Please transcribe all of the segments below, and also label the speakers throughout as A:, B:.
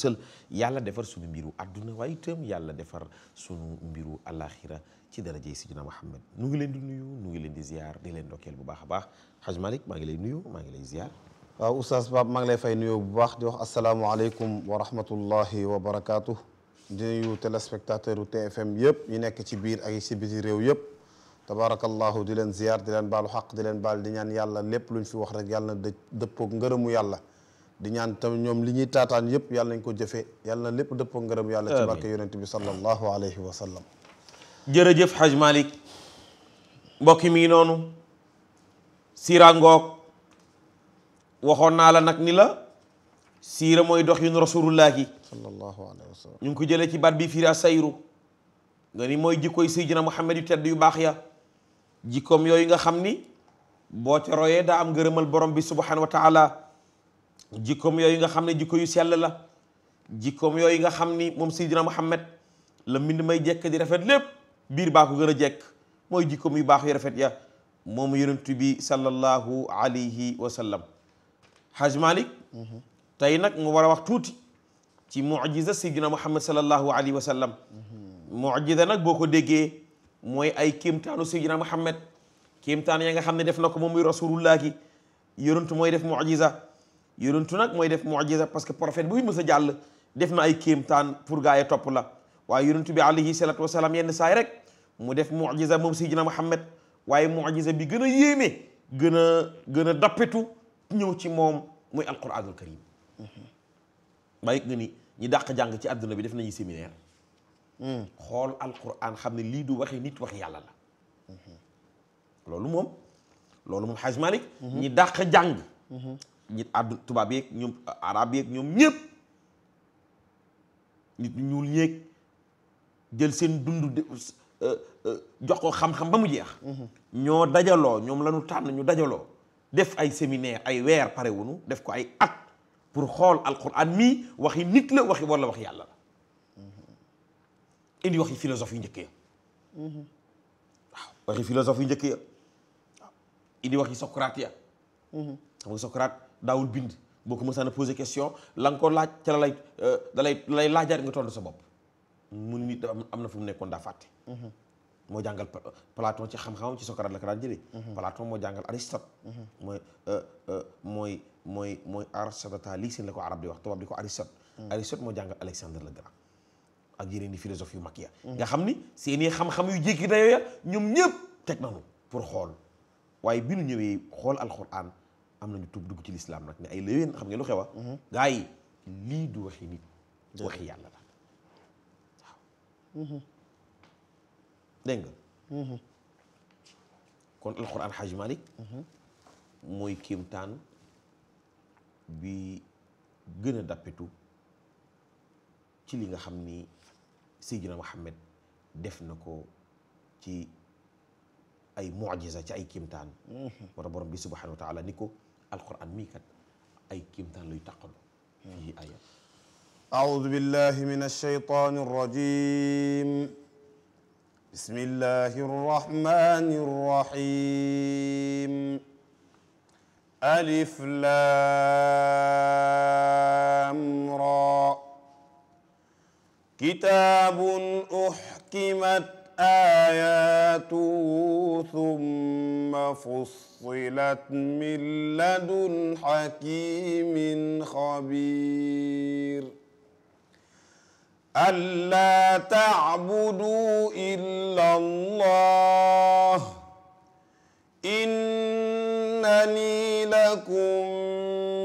A: sël yàlla defar suñu mbiru adduna waaye itam yàlla defar
B: suñu mbiru àllaaxira ci darajey sidina Muhammad nu ngi leen di nuyu nu ngi leen di ziar di leen ndokkeel bu baax a baax Haj Malick maa ngi lay nuyu maa ngi lay ziar
C: waaw oustaz Bab maa ngi lay fay nuyu bu baax di wax asalaamualeykum wa rahmatullahi wa barakaatu di nuyu téléspectateur u TFM yëpp yi nekk ci biir ak ci biti réew yëpp tabaarakallahu di leen ziar di leen baalu xaq di leen baal di ñaan yàlla lépp luñ fi wax rek yàlla na dëppoog ngërëmu yàlla di ñaan tamit ñoom li ñuy taataan yëpp yàlla nañ ko jëfee yàlla na lépp dëppoo ngërëm yàlla ci barke yonent bi sallallahu alayhi wa sallam
B: jërëjëf Haj Malick mbokki mi noonu siira ngoog waxoon naa la nag ni la siira mooy dox yun rasulullahi
C: sallallahu alayhi wa sallam
B: ñu ngi ko jëlee ci baat bi fiira sayru nga ni mooy jikkoy Seydina Muhammad yu tedd yu baax ya jikkoom yooyu nga xam ni boo ca royee daa am ngërëmal borom bi subhanahu wa taala jikkoom yooyu nga xam ne jikko yu sell la jikkoom yooyu nga xam ni moom Seydina Muhammad la mbind may jekk di rafet lépp biir baa ko gën a jekk mooy jikkoom yu baax yu rafet ya moom yonent bi sallallahu alayhi wa sallam Haj Malik tey nag mu war a wax tuuti ci mujiza Seydina Muhammad sallallahu alayhi wa sallam mujiza nag boo ko déggee mooy ay kéemtaanu Seydina Muhammad kéemtaan ya nga xam ne def na ko moom muy rasulullah ki yonent mooy def mujiza yonentu nag mooy def mujiza parce que prophète bu fi mës a jàll def na ay kéemtaan pour gaa yi topp la waaye yonentu bi alayhi salatu wasalaam yenn saay rek mu def mujiza moom sayyidina Muhammad waaye mujiza bi gën a yéeme gën a gën a dappetu ñëw ci moom muy alquranul karim bàyyi nga ni ñi dàq jàng ci àdduna bi def nañu séminaire xool alquran xam ne lii du waxi nit wax yàlla la loolu moom loolu moom xaj malik ñi dàq jàng ñi addu tubaab yeeg ñoom arab yeeg ñoom ñëpp nit ñuul ñeeg jël seen dund euh, euh, jox ko xam-xam ba mu jeex mm-hmm. ñoo dajaloo ñoom la ñu tànn ñu dajaloo def ay séminaire ay weer pare wunu def ko ay at pour xool alquran mii waxi nit la waxi wala wax yàlla la mm-hmm. indi waxi philosophe yu njëkk ya mm-hmm. waaw waxi philosophe yu njëkk ya indi waxi Socrate ya xam nga Socrate daawul bind boo ko mësaan a question la nga ko laaj ca la lay euh, da lay lay laajaat nga tontu sa bopp mu ni nit am na fu mu nekkoon daa fàtte mm-hmm. moo jàngal Platon ci xam-xamam ci Socrate la ko daan jëlee mm-hmm. Platon moo jàngal Aristote mm-hmm. euh, euh, mooy mooy mooy mooy Aristote seen la ko arab di wax tubaab di ko Aristote Aristote moo jàngal Alexandre le Grand ak yeneen di philosophe yu mag ya nga xam ni seeni xam-xam yu jékki dayoo ya ñoom ñëpp teg nañu pour xool waaye bi nu ñëwee xool alquran am nañu tuub dugg ci lislaam nag ne ay léwéen xam ngeen lu xewa ah. mhm. gaa yi lii du waxi nit waxi yàlla la
C: waaw mhm. mhm.
B: kon alxuraan xaaj malik mooy kéemtaan bi gën a ci li nga xam ni Seydina Muhammad def na ko ci ay mucjisa ci ay kéemtaan war a borom bi subhanahu wa taala ni ko alquran mii kat ay kiimtaan luy taqaloo fii ayat
C: أعوذ بالله من الشيطان الرجيم بسم الله الرحمن الرحيم ألف لام را كتاب أحكمت آياته ثم فصلت من لدن حكيم خبير ألا تعبدوا إلا الله إنني لكم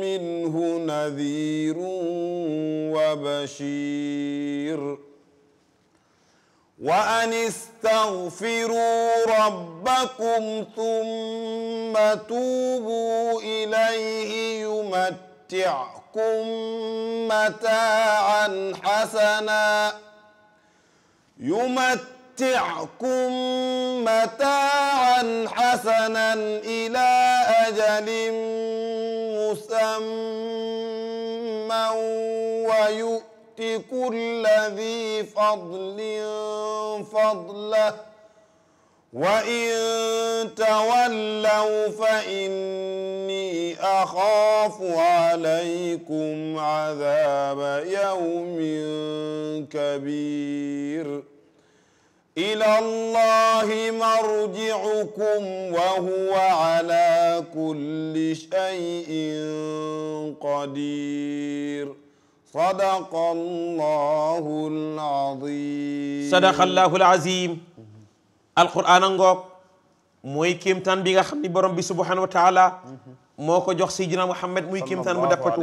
C: منه نذير وبشير وأن استغفروا ربكم ثم توبوا إليه يمتعكم متاعا حسنا يمتعكم متاعا حسنا إلى أجل مسمى لكل ذي فضل فضله وإن تولوا فإني أخاف عليكم عذاب يوم كبير إلى الله مرجعكم وهو على كل شيء قدير sadaqallahul azim
B: sadaqallahul azim alquran a ngoog mooy kéemtaan bi nga xam ni borom bi subhanahu wa taala moo ko jox sayyidina Muhammad muy kéemtaan bu dappatu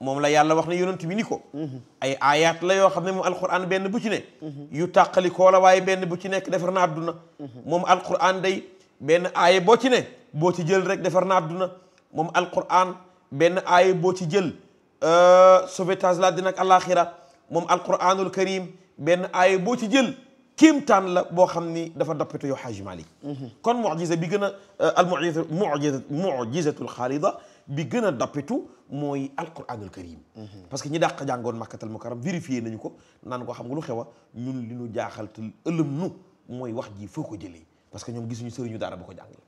B: moom la yàlla wax ne yonent bi ni ko ay ayat la yoo xam ne moom alquran benn bu ci ne yu tàqali koo la waaye benn bu ci nekk defar na adduna moom alquran day benn aaya boo ci ne boo ci jël rek defar na adduna moom alquran benn aaya boo ci jël Euh, sauvetage la dina ak alaxira moom alquranul karim benn aaya boo ci jël kéemtaan la boo xam ni dafa dappetu yow Xaaji Malik mhm. kon mujisa bi gën a euh, al mujisa mujisa mujisatul xaalida bi gën a dappetu mooy alquranul karim mhm. parce que ñi dàq jàngoon makkatal mukarram vérifié nañu ko naan ko xam nga lu xew a ñun li ñu jaaxal te ëlëm nu mooy wax ji foo ko jëlee parce que ñoom gisuñu sëriñu daara boo ko jàngal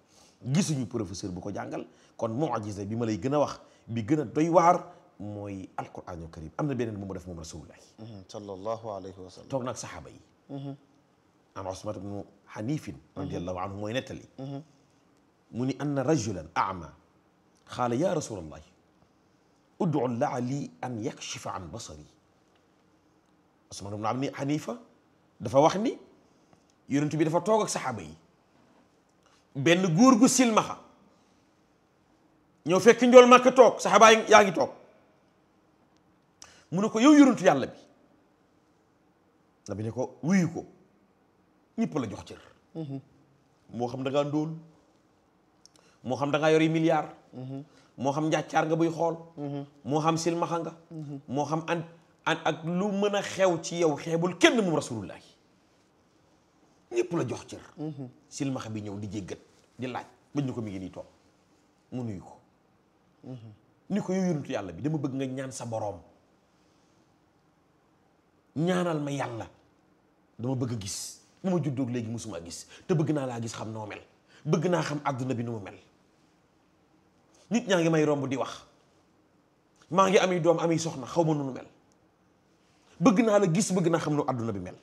B: gisuñu professeur bu ko jàngal kon mujisa bi ma lay gën a wax bi gën a doy waar mooy alquraanu karim am na beneen bu mu def moom rasulullahi
C: mhm, sallallahu alayhi wa sallam toog naag saxaaba yi mhm.
B: an osman ibnu xanifin mhm. radiallahu anhu mooy nettali mu ni anna rajulan ama xaala ya rasulallahi udcu laali an yakshifa an basari osman ibnu am ni xanifa dafa wax ni yonent bi dafa toog ak saxaaba yi benn góor gu silmaxa ñoo fekk njool màkk toog saxaaba yaa ngi toog mu ne ko yow yonentu yàlla bi na bi ne ko wuyu ko ñëpp la jox cër moo xam da ngaa ndóol moo xam da yor yori milliard moo xam njàccaar nga buy xool moo xam silmaxa nga moo xam an ak lu mën a xew ci yow xeebul kenn moom rasulullah ñëpp la jox cër silmaxa bi ñëw di jéggat di laaj bañ ñu ko mi ngi nii toog mu nuyu ko ni ko yow yonentu yàlla bi dama bëgg nga ñaan sa boroom ñaanal ma yàlla dama bëgg a gis bu ma juddoog léegi musuma gis te bëgg naa laa gis xam noo mel bëgg naa xam àdduna bi nu mu mel nit ñaa ngi may romb di wax maa ngi ami doom ami soxna xaw ma nu mel bëgg naa la gis bëgg naa xam nu àdduna bi mel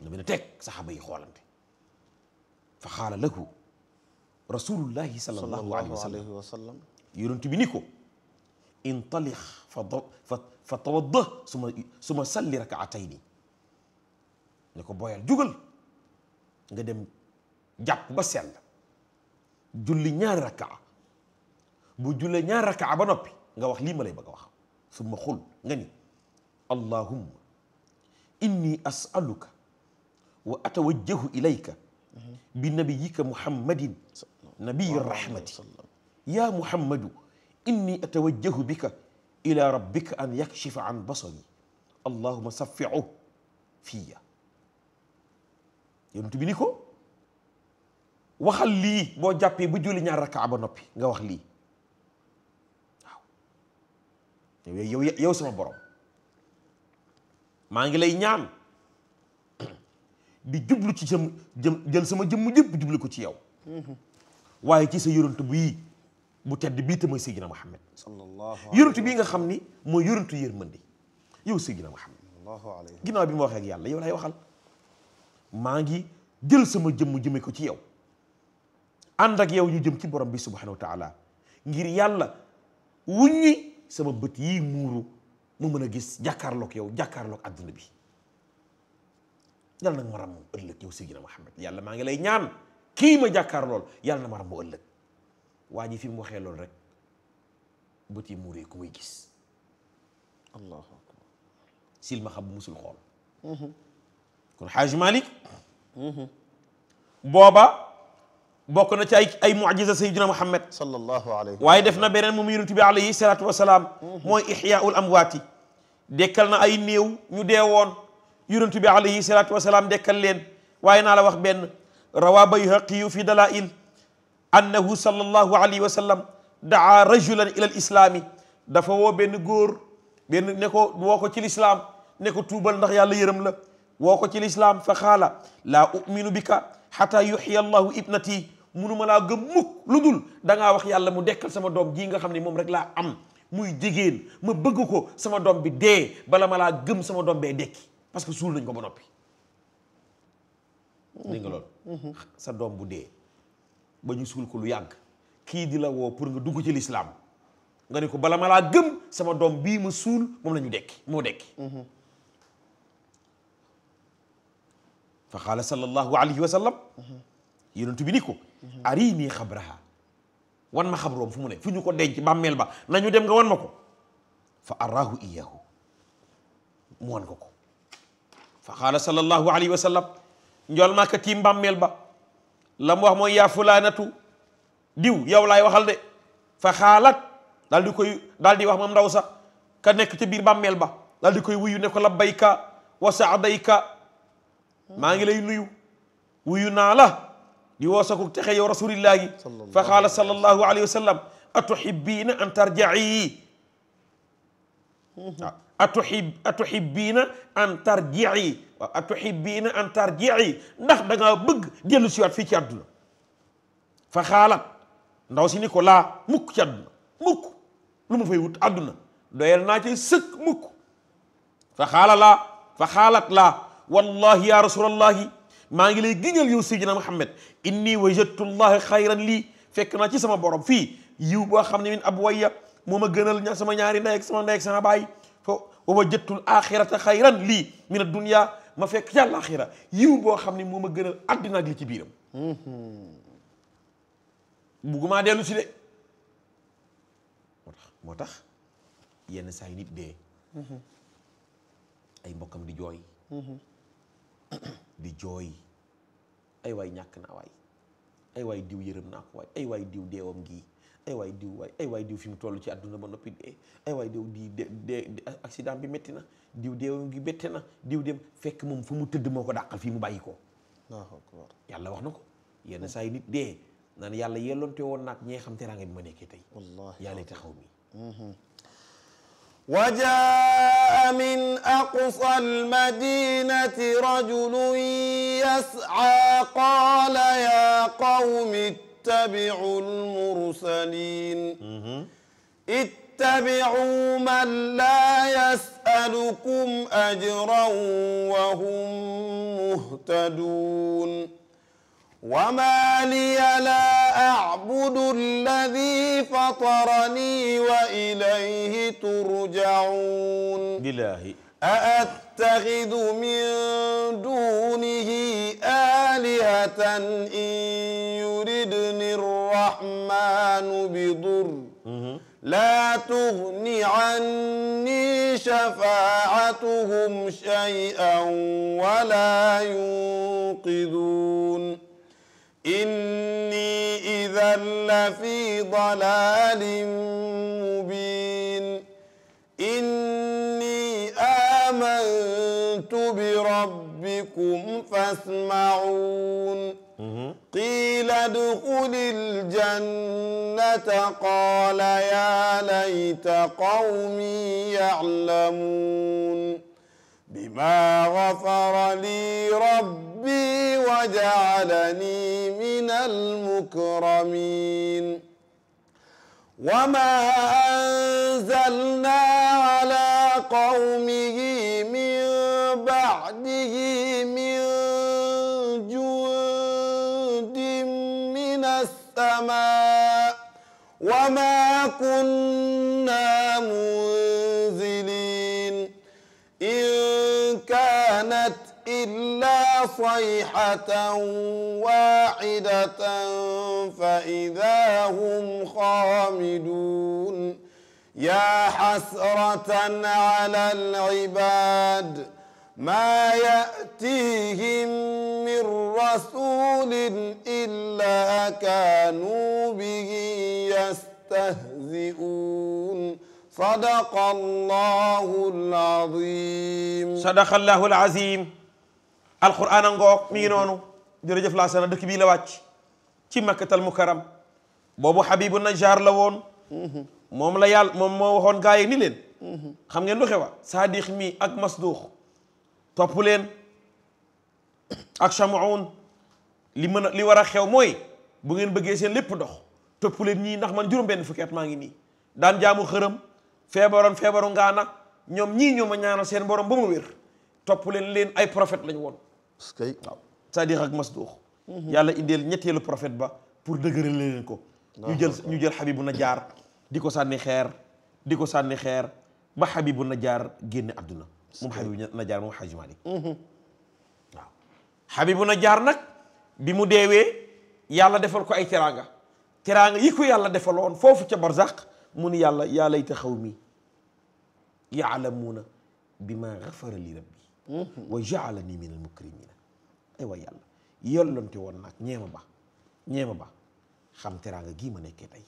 B: na mel teg saxaaba yi xoolante fa xaala lahu rasulullahi sallallahu alayhi wa sallam yonent bi ni ko intalix fa fa fa tawadda suma suma salli rakaatayni ne ko booyal jugal nga dem jàpp ba sell julli ñaari rakaa bu jullee ñaari rakaa ba noppi nga wax lii ma lay bëgg a wax summa xul nga ni allahumma inni as'aluka wa atawajjahu ilayka bi nabiyika muhammadin nabiyu rahmati ya muhammadu inni atawajjahu bika ila rabbika an yakshifa an basari allahuma saffi'u fiya yonent bi ni ko waxal lii boo jàppee ba julli ñaar rakkaa ba noppi nga wax lii waaw yow yow sama borom maa ngi lay ñaan di jublu ci jëm jëm sama jëmm jëpp jublu ko ci yow mm-hmm. waaye ci sa yorantu bu yii bu tedd bii te mooy Seydina Muhammad yonentu bii nga xam ni mooy yonentu yërmandi yow Seydina
C: Muhammad
B: ginnaaw bi ma waxee ak yàlla yow lay waxal maa ngi jël sama jëmm jëme ko ci yow ànd ak yow ñu jëm ci borom bi subhanahu wa taala ngir yàlla wuññi sama bët yi muuru mu mën a gis jàkkaarloog yow jàkkaarloog àdduna bi yàlla nag ma ràmm ëllëg yow Seydina Muhammad yàlla maa ngi lay ñaan kii ma jàkkaar lool yàlla na ma ràmm ëllëg waa ji fi mu waxee loolu rek bët yi muuree ku muy gis allahu akbar silmaxa bu musul xool mhm. kon xaaj malik booba bokk na ci ay ay mucjisa sayyidina muhammad sallallahu alayhi waaye def na beneen moom bi alayhi salaatu wasalaam mhm. mooy ixyaaul dekkal na ay néew ñu deewoon yonent bi alayhi salaatu wasalaam dekkal leen waaye naa la wax benn rawa bayhaqiyu fi dalail anna sallallahu alayhi wa sallam daa islaami dafa woo benn góor benn ne ko woo ko ci lislaam ne tuubal ndax yàlla yërëm la woo ko ci lislaam fa xaala bika xata yuxya allahu ibnati munuma laa gëm mukk lu wax yàlla mu dekkal sama doom ji nga xam ne moom rek laa am muy jigéen ma bëgg ko sama doom bi dee bala ma laa gëm sama doom bee dekki parce que suul nañ ko ba noppi dégg nga mm-hmm. sa doom bu dee ba ñu suul ko lu yàgg kii di la woo pour nga dugg ci lislaam nga ne ko bala malaa gëm sama doom bii ma suul moom la ñu moo dekki mhm. fa qaala sallallahu alayhi wa sallam mhm. yonentu bi ni ko mhm. arini xabraha wan ma xabroom fu mu ne fu ñu ko denc bàmmeel ba nañu dem nga wan ma ko fa arahu iyahu mu wan ko ko fa qaala sallallahu alayhi wa sallam njool maaka tiim bàmmeel ba lam mu wax mooy yaa fulaanatu diw yow laay waxal de fa xaalat daal di koy daal di wax moom ndaw sax ka nekk ci biir bàmmeel ba daal di koy wuyu ne ko labbayka wa saadayka maa ngi lay nuyu wuyu naa la di woo sa ko texe yow rasulillahi fa xaala sallallahu alayhi wa sallam atuhibbiina an tarja'i mhm. ah. atuhib atuhibbiina an tarji'i waaw atuhibbiina an tarji'i ndax da bëgg dellu siwaat fii ci àdduna fa xaalat ndaw si ni ko laa mukk ci àdduna mukk lu ma fay wut àdduna doyal naa ci sëkk mukk fa xaala laa fa xaalat laa wallahi ya rasulallahi maa ngi lay giñal yow sayyidina Muhammad inni wajadtu llaha xayran lii fekk naa ci sama borom fii yiw boo xam ne min abwayya moo ma gënal ña sama ñaari ndey ak sama ndey ak sama baay fo wa wajadtul axirata xayran lii min ad-dunya ma fekk ca àllaaxira yiw boo xam ni moo ma gënal àddina ak li ci biiram buggumaa dellu si de moo tax moo tax yenn saa yi nit dee ay mbokkam di jooy di jooy ay waay ñàkk naa waay ay waay diw yërëm naa ko waay ay waay diw deewam gii ay waay diw waay ay waay diw fi mu toll ci àdduna ba noppi dee ay waay diw di dee accident bi métti na diw deewam gi métti na diw dem fekk moom fu mu tëdd moo ko dàqal fii mu bàyyi ko yàlla wax na ko yenn saa yi nit dee naan yàlla yelloonte woon naag ñee xam teraanga bi ma nekkee tey yàlla taxaw mi
C: وجاء من أقصى المدينة رجل يسعى قال اتبعوا المرسلين اتبعوا من لا يسألكم أجرا وهم مهتدون وما لي لا أعبد الذي فطرني وإليه ترجعون بالله أأتخذ من دونه آلهة إن الرحمن بضر لا تغن عني شفاعتهم شيئا ولا ينقذون إني إذا لفي ضلال مبين بربكم فاسمعون قيل ادخل الجنة قال يا ليت قومي يعلمون بما غفر لي ربي وجعلني من المكرمين وما أنزلنا على قومه وما كنا منزلين إن كانت إلا صيحة واحدة فإذا هم خامدون يا حسرة على العباد ما يأتيهم من رسول إلا كانوا به يستهزئون yastahzi'un sadaqallahul azim sadaqallahul azim
B: alquran a ngoog mi ngi noonu jërëjëf laa sana dëkk bii la wàcc ci makkatal mukaram boobu Habibu Najjar la woon moom la yàlla moom moo waxoon gaa yi ni leen xam ngeen lu xewa Saadix mi ak Masduux topp leen ak Chamoun li mën a li war a xew mooy bu ngeen bëggee seen lépp dox topp leen ñii ndax man juróom-benn fukki maa ngi nii daan jaamu xërëm feebaroon feebaru ngaana ñoom ñii ñoom ma ñaanal seen borom ba ma wér topp leen leen ay prophète lañ woon. parce que waaw Sadiq ak Masduux. Mhm. yàlla indeel ñetteelu profet ba pour dëgëral leen ko. ñu jël ñu jël Habibu Najaar di ko sànni xeer di ko sànni xeer ba Habibu Najaar génne àdduna. moom Habibu Najaar moom Xaaji Maalik mhm. waaw Habibu Najaar nag bi mu deewee yàlla defal ko ay teraanga. teraanga yi ko yàlla defaloon foofu ca barzaq mu ni yàlla yaa layta xawmi yaalamuuna bima gafara li rabbi wa jaalani min almukrimina ay wa yàlla yollante woon nag ñeema ba ñeema ba xam teraanga gii ma nekkee tey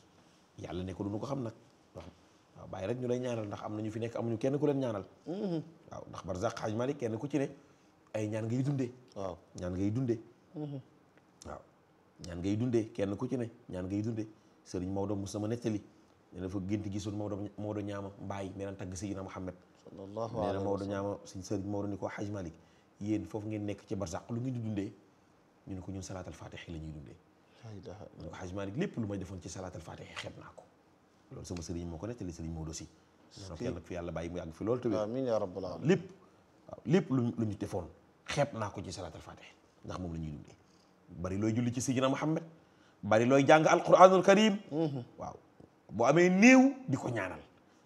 B: yàlla ne ko ko xam nag waaw bàyyi rek ñu lay ñaanal ndax am na ñu fi nekk amuñu kenn ku leen ñaanal ndax barzaq xaaj malik kenn ku ci ne ay ñaan ngay dundee waaw ñaan ngay dundee mhm. waaw ñaan ngay dundee kenn ku ci ne ñaan ngay dundee sëriñ Maodo mos na ma nettali ne dafa gént gisoon Maodo Maodo ñaama mbaay meneen tagg Seydina Muhammad sallallahu alayhi wa sallam Maodo ñaama suñ sëriñ Maodo ni ko Haj Malik yéen foofu ngeen nekk ci barzaq lu ngeen di dundee ñu ne ko ñun salaatal faatixi la ñuy dundee ñu ko Haj Malik lépp lu may defoon ci salaatal faatixi xeeb naa ko loolu sama sëriñ moo ko nettali sëriñ Maodo si ñaanal ko yàlla fi yàlla bàyyi mu yàgg fi loolu tamit amiin yaa rabbal aalamiin lépp waaw lépp lu lu ñu defoon xeeb naa ko ci salaatal faatixi ndax moom la ñuy dundee bari looy julli ci na Muhammad bari looy jàng alquranul karim waaw boo amee néew di ko ñaanal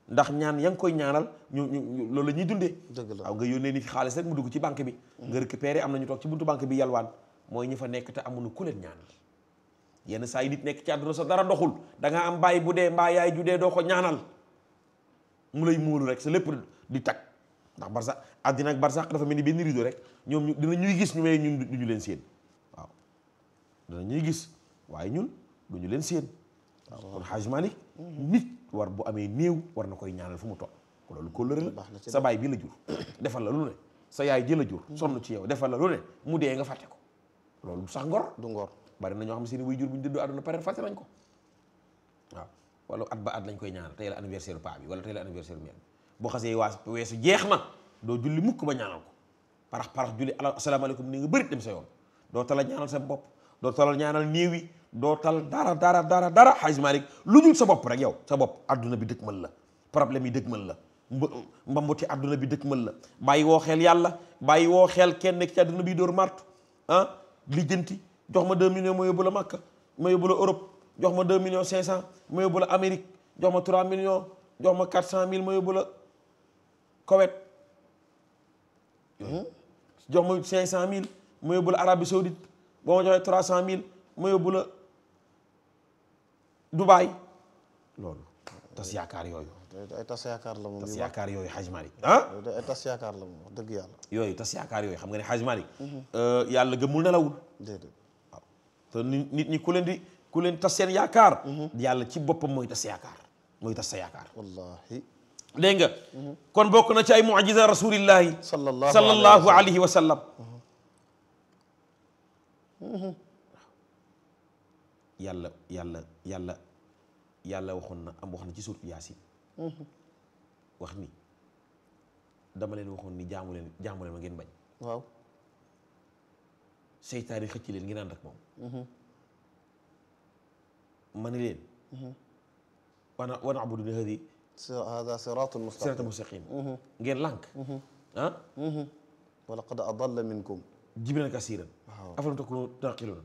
B: ndax ñaan ya nga koy ñaanal ñu ñu loolu la ñuy dundee waaw nga yónnee ni fi xaalis rek mu dugg ci banque bi nga récupéré am na ñu toog ci buntu banque bi yalwaan mooy ñi fa nekk te amuñu ku leen ñaanal yenn saa yi nit nekk ci àdduna sa dara doxul da am bàyyi bu dee mbaay yaay ju dee doo ko ñaanal mu lay móolu rek sa lépp di tag ndax barsax àddina ak barsax dafa mel ni benn rideau rek ñoom ñu dina ñuy gis ñu may ñun ñu leen seen danañuy gis waaye ñun du ñu leen séen waaw kon xaaj Malick nit war bu amee néew war na koy ñaanal fu mu toll ko loolu kóllëre la sa baay bi la jur defal la lu ne sa yaay ji la jur sonn ci yow defal la lu ne mu dee nga fàtte ko loolu sax ngor du ngor bari na ñoo xam seeni way jur bu ñu dëddoo àdduna pare fàtte nañ ko waaw wala at ba at lañ koy ñaanal tey la anniversaire paa bi wala te la anniversaire mère bi boo xasee waas weesu jeex na doo julli mukk ba ñaanal ko parax parax julli ala asalaamaaleykum ni nga bëri dem sa yoon doo tala ñaanal sa bopp doo talal ñaanal néew yi doo tal dara dara dara dara xaj lu dul sa bopp rek yow sa bopp adduna bi dëkk mën la problème yi dëkk mën la mbambuti adduna bi dëkk mën la bàyyi woo xel yàlla bàyyi woo xel kenn nekk ci adduna bi dóor martu ah lijjanti jox ma deux millions ma yóbbu la Makka ma yóbbu la Europe jox ma deux millions cinq cent ma yóbbu la Amérique jox ma trois millions jox ma quatre cent mille ma yóbbu la Koweït hmm? jox ma cinq cent mille ma yóbbu la Arabie Saoudite boo ma joxee trois cent mille ma yóbbu la
C: Dubaay loolu tas yaakaar yooyu. ay tas yaakaar la moom yooyu Hajj Malick ah dëgg yàlla.
B: yooyu tas yaakaar yooyu xam nga ni Hajj Malick. Mhm. Euh, yàlla gëmul nelawul.
C: déedéet waaw
B: te nit ñi ku leen di ku leen tas seen yaakaar. Mhm. yàlla ci boppam mooy tas yaakaar mooy sa yaakaar. wallaahi. nga. Mhm. kon bokk na ci ay mu'jiza rasulillahi. sallallahu alayhi wa sallam. waaw yàlla yàlla yàlla yàlla waxoon na am wax na ci suurtu yaasin wax ni dama leen waxoon ni jaamu leen jaamu leen ma ngeen bañ waaw seytaan yi xëcc leen ngeen ànd ak moom
C: mhm. ma ne leen mhm. wana wana abudu ni hadi hada siratul mustaqim siratul mustaqim mhm. ngeen lànk ah wa laqad adalla minkum
B: jibiran kasiiran afalam takunu taqiloon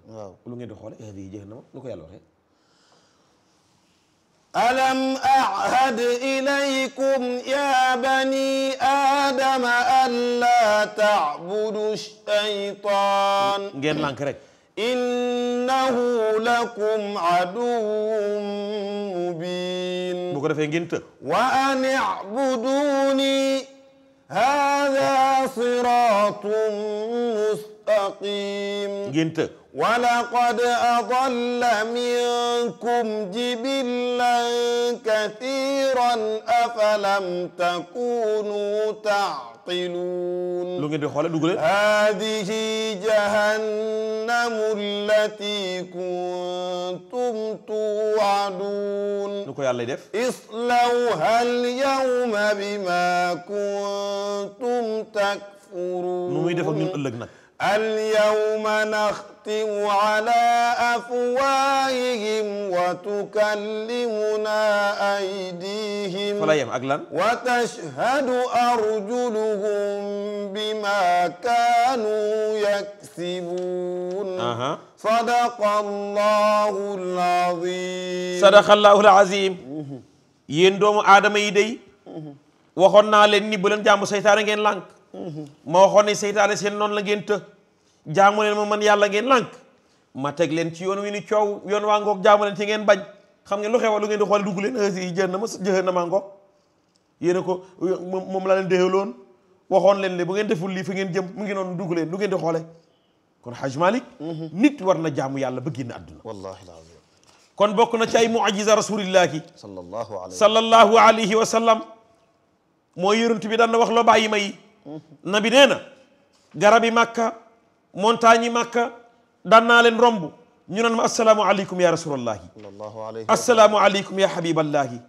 B: di xoole hadihi eh, jahannama lu
C: alam ahad ilaykum ya bani aadama an laa taabudu shaytaan ngeen lànk rek lakum aduwwun mubin bu
B: ko defee ngeen të wa
C: an i'buduni هذا صراط مستقيم gént ولقد أضل منكم جبلا كثيرا أفلم تكونوا تعقلون
B: lu ngeen di xoole dugale هذه
C: جهنم التي كنتم توعدون lu ko yàlla def اصلوها اليوم بما كنتم تكفرون nu muy def ak ñun ëllëg nag اليوم نختم على أفواههم وتكلمنا أيديهم
B: وتشهد
C: أرجلهم بما كانوا يكسبون صدق الله العظيم
D: صدق الله
B: العظيم yéen doomu aadama yi day waxoon naa leen ni bu leen jaamu seytaane ngeen lànk ma waxoon ne seytaane seen noon la ngeen të jaamu leen ma man yàlla ngeen lank ma teg leen ci yoon wi ni coow yoon waa ngoog jaamu leen ci ngeen bañ xam ngeen lu xew lu ngeen di xoole dugg leen na ma jëxë na maa ngoog yéen ko moom laa leen déxaloon waxoon leen ne bu ngeen deful lii fi ngeen jëm mu ngi noonu dugg leen lu ngeen di xoole kon Haj Malik nit war na jaamu yàlla ba génn àdduna
C: wallaahi alazim
B: kon bokk na ci ay mujiza rasulillahi sallallahu alayhi wa sallam moo yëruntu bi daan na wax loo bàyyi ma yi nabi nee na garabi màkka montagne yi màkka daan naa leen romb ñu naan ma asalaamualeykum ya
C: rasulallahi
B: asalaamualeykum ya habiballahi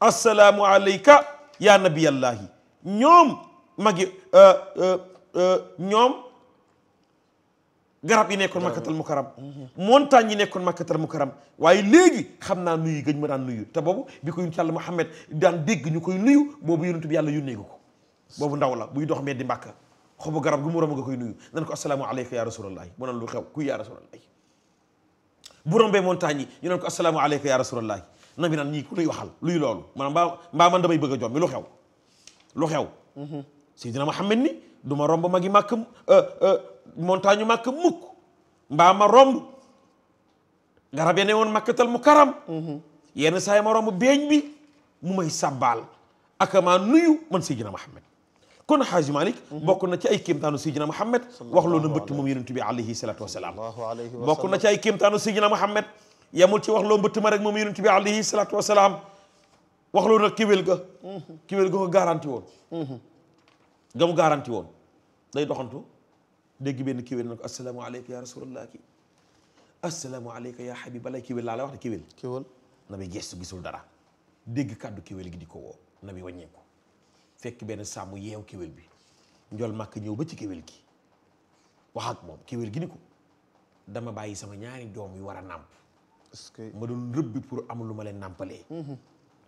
B: asalaamualeyka ya nabiyallahi ñoom magi euh, euh, euh, ñoom garab yi nekkoon makkatal mukaram montagne yi nekkoon makkatal mukaram waaye léegi xam naa nuyu gëj ma daan nuyu te boobu bi ko yonent yàlla daan dégg ñu koy nuyu boobu yonent bi yàlla yónnee ko boobu ndaw la buy dox mee di mbàkk xobu garab gu mu romb nga koy nuyu nan ko asalaamu aleyka ya rasulallahi mu naan lu xew kuy ya rasulallahi bu rombee montagne ñu naan ko asalaamu aleyka ya rasulallahi na bi ñii ku nuy waxal luy loolu maanaam mbaa mbaa man damay bëgg a jommi lu xew lu xew mm-hmm. Seydina Muhammad ni du ma romb magi màkk euh, euh, montagne yu màkk mukk mbaa ma romb garab ya woon màkkatal mu karam mm-hmm. yenn saa yi ma romb beeñ bi mu may sàbbaal ak nuyu man Seydina kon Xaaji Malick bokk na ci ay kéemtaanu Seydina Muhammad wax loolu mbëtt moom yonent bi alayhi salaatu wasalaam bokk na ci ga mhm. kiwél ga ko garanti woon mhm. ga mu garanti woon day doxantu dégg benn kiwél na ko assalaamu aleyka ya rasulallah ki assalaamu aleyka ya habiballah kiwél laa la wax ne kiwél kiwél na bi gestu gisul dara dégg kàddu kiwél gi di ko woo na bi wàññeeku fekk benn sàmm yeew kéwél bi njol màkk ñëw ba ci kéwél gi wax ak moom kéwél gi ni ko dama bàyyi sama ñaari doom yi war a nàmp ma doon rëbbi pour am lu ma leen nàmpalee mhm.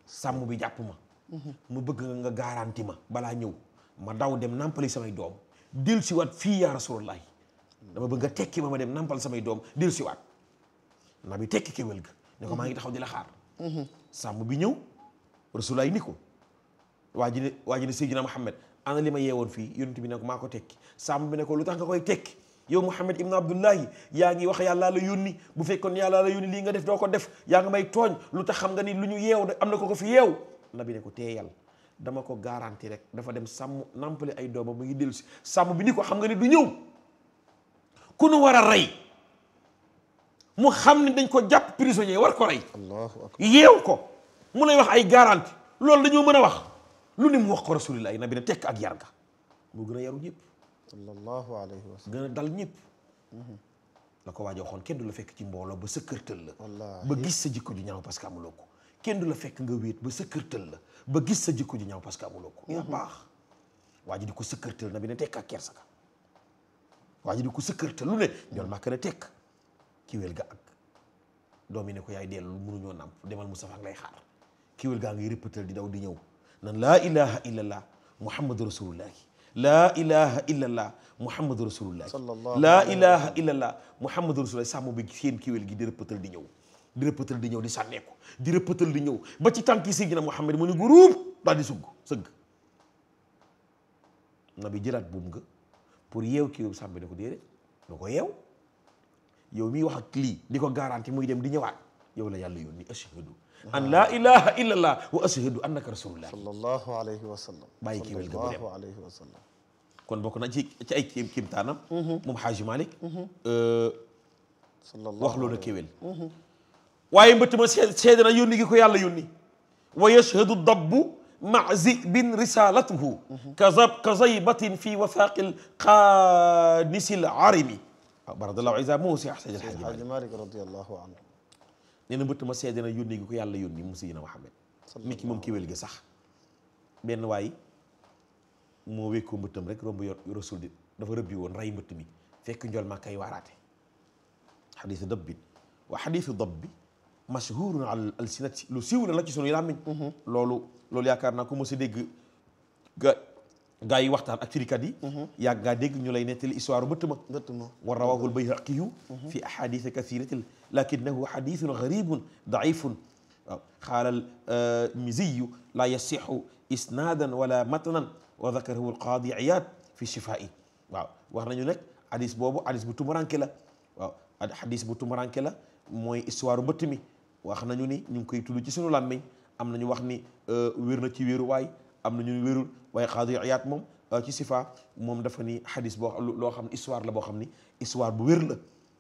B: sàmm bi jàpp ma mhm. mu bëgg nga garanti ma balaa ñëw ma daw dem nàmpali samay doom del siwaat fii yaa rasulallah dama bëgg tekki ma ma dem nàmpal samay doom del siwaat na bi tekki kéwél ga ne ko mhm. maa ngi taxaw di la xaar sàmm bi ñëw rasulallah ni ko waa ji ne waa ji ne Seydina Mouhamed ana li ma yeewoon fii yonent bi ne ko maa ko tekki sàmm bi ne ko lu tax nga koy tekk yow Mouhamed Ibn Abdullahi yaa ngi wax yàllaa la ni bu fekkoon yàllaa la yónni lii nga def doo ko def yaa ngi may tooñ lu tax xam nga nii lu ñu yeew am na ko ko fi yeew nabi ne ko teeyal dama ko garanti rek dafa dem sàmm nampale ay doomam mu ngi dellu si sàmm bi ni ko xam nga ni du ñëw ku nu war a rey mu xam ne dañ ko jàpp prisonnier war ko rey. allahu akbar yeew ko mun lay wax ay garanti loolu dañoo mën a wax. lu ne mu wax ko rasulillah na bi ne tekk ak yar nga moo gën a yaru ñëpp wa sallam gën a dal ñëpp la ko waaj a kenn du la fekk ci mbooloo ba sa kërtal la ba gis sa jikko ju ñaaw parce que amuloo ko kenn du la fekk nga wéet ba sa kërtal la ba gis sa jikko ju ñaaw parce que amuloo ko yaa mm-hmm. baax waa ji di ko sa na bi ne tekk ak kersa ka waa ji di ko sa lu ne ñool maa kën a tekk kiwél ga ak doom yi ne ko yaay dellu mënuñoo nàmp demal Mustafa ak lay xaar kiwél gaa ngi rëppatal di daw di ñëw nan laa ilaha illallah muhammadu rasulullahi laa ilaha illallah muhammadu rasulullahi
C: laa ilaha
B: illallah muhammadu rasulullahi sax moom bi seen kéwél gi di rëppatal di ñëw di rëppatal di ñëw di sànneeku di rëppatal di ñëw ba ci tànki Seydina Muhammad mu ni guruub daal di sugg sëgg na bi jëlaat buum nga pour yeew kii yooyu sàmm bi ne ko déedéet na ko yeew yow miy wax ak lii di ko garanti muy dem di ñëwaat yow la yàlla yónni
C: ashhadu an laa
B: ilaha illa allah wa ashhadu annaka rasulullah sallallahu alayhi wa sallam bàyyi kéwél ga mu dem
C: alayhi wa sallam
B: kon bokk na ci ci ay kéem kéem taanam mhm. moom Xaaji Malick mhm. euh, wax loolu kéwél mhm. waaye mbëtt ma seede na yónni gi ko yàlla yónni wa yashhadu dabbu ma zibin risalatuhu kazab kazaybatin fi wafaqil qaanisil arimi baradallahu isa moo si Xaaji
C: Malick radiyallahu anhu
B: nee mbëtt ma seede na yónni gi ko yàlla yónni mu sayyidina Muhammad nit ki moom kéwél gi sax benn waay moo wékkoo mbëttam rek romb yor rasul dafa rëbbi woon rey mbëtt mi fekk njool maa kay waaraate xadiisu dabbin wa xadiisu dabbi mashhurun al alsinati la ci sunu làmmiñ mhm. loolu loolu yaakaar naa ko mos a dégg ga waxtaan ak firikat yi mhm. yàgg ngaa dégg ñu lay nettali histoire mbëtt ma mbëtt ma wa rawahul bayhaqiyu mhm. fi ahaditha kathiratil lakinnahu xadithun garibun daifun waaw xaalal miziyu laa yasixu isnaadan wala matnan wa dakarahu alqaadi iyaad fi shifaa'i waaw wax nañu nag xadis boobu xadis bu tumuranke la waaw xadis bu tumuranke la mooy histoire mbëtt mi wax nañu ni ñu ngi koy tudd ci sunu làmmiñ am nañu wax ni wir na ci wéeru waay am nañu wérul waaye xaadi iyaad moom ci sifa moom dafa ni xadis boo loo xam ne histoire la boo xam ni histoire bu wér la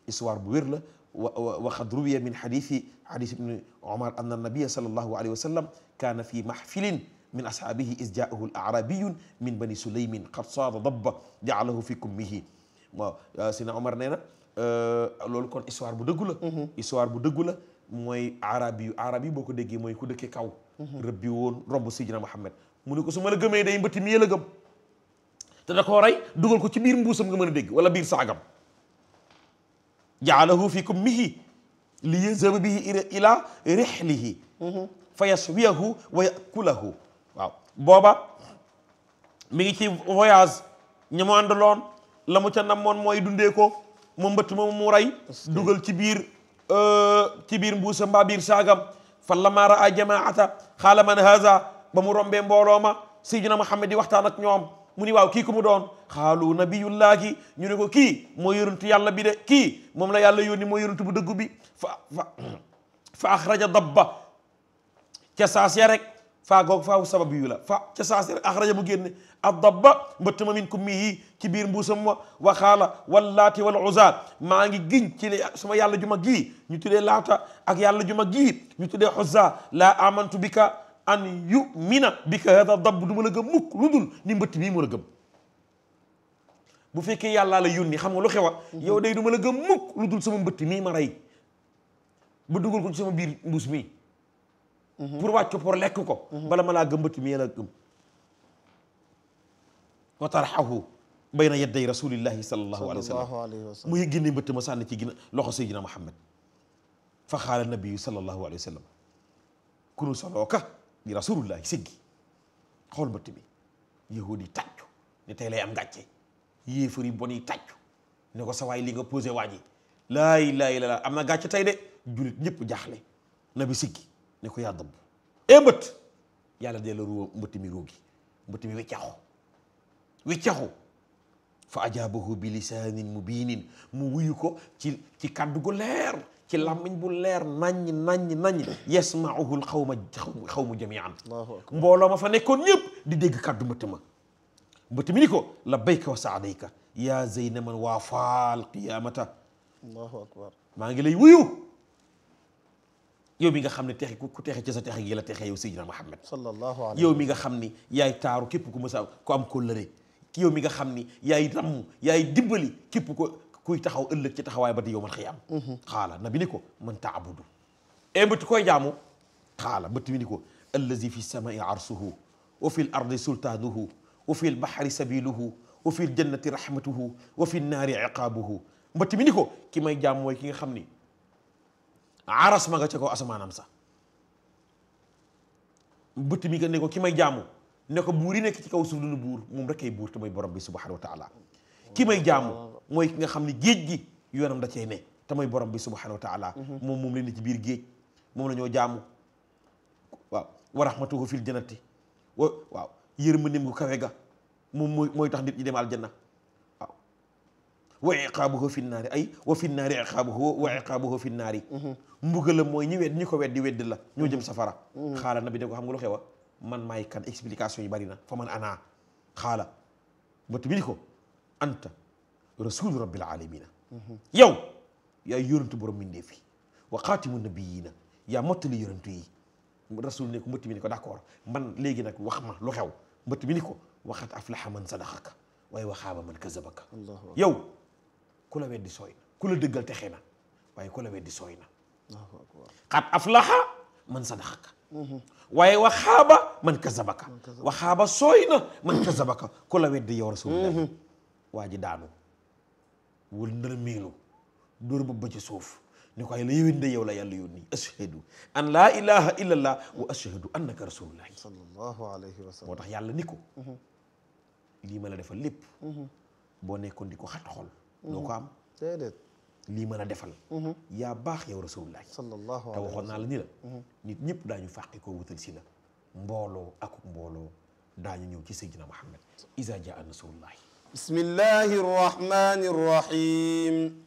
B: histoire bu wér la وقد روي من حديث حديث ابن عمر أن النبي صلى الله عليه وسلم كان في محفل من أصحابه إذ جاءه الأعرابي من بني سليم قد صاد ضبة جعله في كمه waaw euh, sina Omar nee na euh, loolu kon histoire bu dëggu la mhm. histoire bu dëggu la mooy arabi yu arabi boo ko déggee mooy ku dëkkee kaw mhm. rëb bi woon romb Sidina Muhammad mu ne ko su ma la gëmee day mbëtti mi la gëm te da koo rey dugal ko ci biir mbuusam nga mën a dégg wala biir saagam jaalahu fi kummihi li yezaba bihi ila rihlihi fa yaswiyahu wa yakulahu waaw booba mi ngi ci voyage ña mu àndaloon la mu ca namoon mooy dundee ko mu mbëtt ma mu rey dugal ci biir euh, ci biir mbuusa mbaa biir saagam fan la maa raa jamaata xaala man haza ba mu rombee mbooloo ma Seydina Muhammad di waxtaan ak ñoom mu ni waaw kii ku mu doon xaalu nabiyullahi ñu ne ko kii moo yonentu yàlla bi de kii moom la yàlla yónni moo yonentu bu dëggu bi fa fa fa axraja dabba ca saase rek faa goog faaw sabab yu la fa ca saase rek axraja mu génne ab dabba mbëttama min kummihi ci biir mbuusam wa wa xaala wallaati wal uzza maa ngi giñ ci le sama yàlla ju mag ji ñu tuddee laata ak yàlla juma mag ji ñu tuddee xuzza laa amantu bika an yu mina bi ka hada dabb du ma la gëm mukk lu dul ni mbëtt bii ma la gëm bu fekkee yàllaa la yónni xam nga lu xewa yow day du ma la gëm mukk lu dul sama mbëtt mii ma rey ba dugal ko ci sama biir mbuus mii pour wàcc ko pour lekk ko bala ma laa gëm mbëtt mii la gëm wa tarxahu bayna yadday rasulillahi sallallahu alayhi
C: wa sallam muy
B: génne mbëtt ma sànni ci gina loxo sayyidina Muhammad fa xaala nabiyu sallallahu alayhi wa sallam kunu salooka di rasulullah siggi xool mbëtt bi yahud yi tàccu ne tey lay am ngàcce yéefar yi tàccu ne ko sa waay li nga posé waa ji laa ilaaha illallaah am na gàcce tey de julit ñëpp jaaxle na bi siggi ne ko yaa dabb e mbëtt yàlla dee la ruwa mbëtt mi róogi mbëtt mi weccaxu weccaxu fa ajaabahu bi lisaanin mubiinin mu wuyu ko ci ci kàddu gu leer ci bu leer naññ naññ naññ yasmauhu xawma xawmu jamian mbooloo ma fa nekkoon ñëpp di dégg kàddu mbëtt ma mbëtt mi ni ko labbayka wa saadayka yaa zeyna man waafaal qiyaamata
C: allahu akbar
B: maa ngi lay wuyu yow mi nga xam ne texe ku texe ci sa texe gi la texe yow Seydina Muhammad
C: sallallahu mi
B: nga xam ni yaay taaru képp ku mës a ku am kóllëre yow mi nga xam ni yaay ramm yaay dimbali képp ko kuy taxaw ëllëg ci taxawaay ba di yowmal xiyaam mhm. xaala nabi ni man taabudu e eh, mbëtt koy jaamu xaala mbëtt mi ni ko allazi fi samai arsuhu wa fi l ardi sultaanuhu wa fi l bahri sabiluhu wa fi l jannati wa fi nnaari iqaabuhu mbëtt mi ni ko ki may jaam mooy ki nga xam ni aras ma nga ca kaw asamaanam sa mi nga ne ki may jaamu ne ko buur yi nekk ci kaw suuf du nu buur moom rek ay buur te wa taala ki jaamu mooy ki nga xam ni géej gi yoonam da cee ne te mooy borom bi subhanahu wa mhm. moom moom leen ci biir géej moom la ñoo jaamu waaw wa rahmatuhu fil jannati wa waaw yërmandeem gu kawe ga moom mooy tax nit ñi dem aljanna waaw wa ay wa fi naari iqaabuhu wa iqaabuhu fi naari mhm. mooy ñi wedd ñi ko weddi weddi la ñoo jëm mhm. safara xaala nabi ne ko xam nga lu xewa man maay kan explication yi bari na fa man ana xaala bët bi ni ko anta rasulu rabbil alamina yow yaa yórantu borom mbindeef yi wa xaatimu nabiyina yaa mottali yórantu yi rasul ne ko mbëtt mi ni ko d'accord man léegi nag wax ma lu xew mbëtt mi ni ko waxat aflaha man sadaqaka waaye waxaaba man kazabaka yow ku la weddi sooy na ku la na waaye ku la sooy na xat aflaha man sadaqaka waaye waxaaba man kazabaka waxaaba sooy na man kazabaka ku la weddi yow rasul waa ji daanu wul ndërmeelu door bopp ba ci suuf ni ko ay la yëwén de yow la yàlla yónni ashhadu an laa ilaha illa allah wa ashhadu annaka
C: rasulullah sallallahu alayhi wa moo tax yàlla ni ko mhm.
B: lii ma la defal lépp mhm. boo nekkoon di ko xat xol mhm. doo ko am lii mën a defal yaa baax yow rasulullah sallallahu alayhi wa sallam te waxoon naa la ni la nit ñëpp daañu fàqi koo wutal si la mbooloo akuk mbooloo daañu ñëw ci sayyidina muhammad iza jaa nasrullahi
C: بسم الله الرحمن الرحيم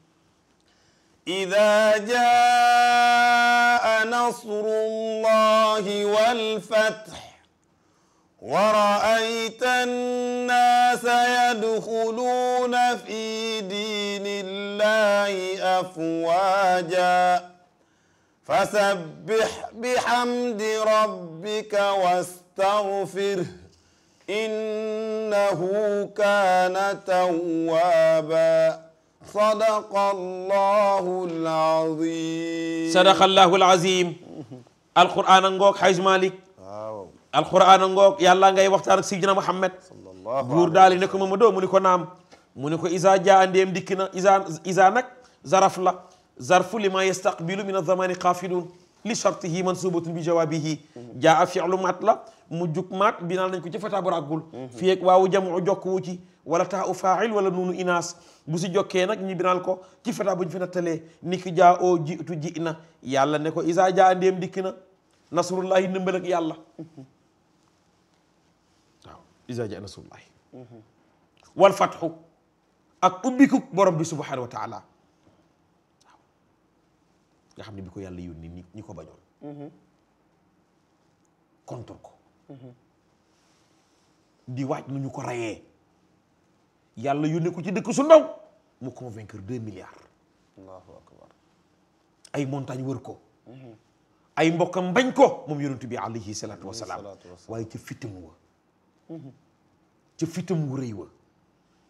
C: إذا جاء نصر الله والفتح ورأيت الناس يدخلون في دين الله أفواجا فسبح بحمد ربك واستغفره innahu kaana tawwaaba sadaqallahul azim
B: sadaqallahul azim alquran a ngoog Hajj Malik waaw alquran a ngoog yàlla ngay waxtaan ak sidina Muhammad buur daal di ne ko Mamadou mu ni ko naam mu ni ko isa jaa ndéem dikk na isa isa nag zaraf la zarfu li ma yastaqbilu min azamani qaafilun li shartihi mansubatun bi jawaabihi jaa fi'lu maat la mu jug maat bi naan nañ ko ci fataa bu ràggul mhm. fii ak waawu jamu jokkuwu ci wala taa u faa'il wala nuunu inaas bu si jokkee nag ñu binaal ko ci fataa bu ñu fi nattalee ni ki jaa oo jiitu ji na yàlla ne ko isa jaa ndéem dikk na nasrullahi ndimbal ak yàlla waaw isa jaa nasrullahi mhm. wal fatxu ak ubbiku borom bi subhanahu wa taala nga xam ne bi ko yàlla yónni ni ñu ko bañoon
C: mhm.
A: contre ko mhm.
B: di waaj nu ñu ko rayee yàlla yónni ko ci dëkk su mu convaincre deux
C: milliards allahu akbar
B: ay montagne wër ko mhm. ay mbokkam bañ ko moom yonentu bi alayhi salaatu wasalaam waaye ca fitam wa ca fitam wu rëy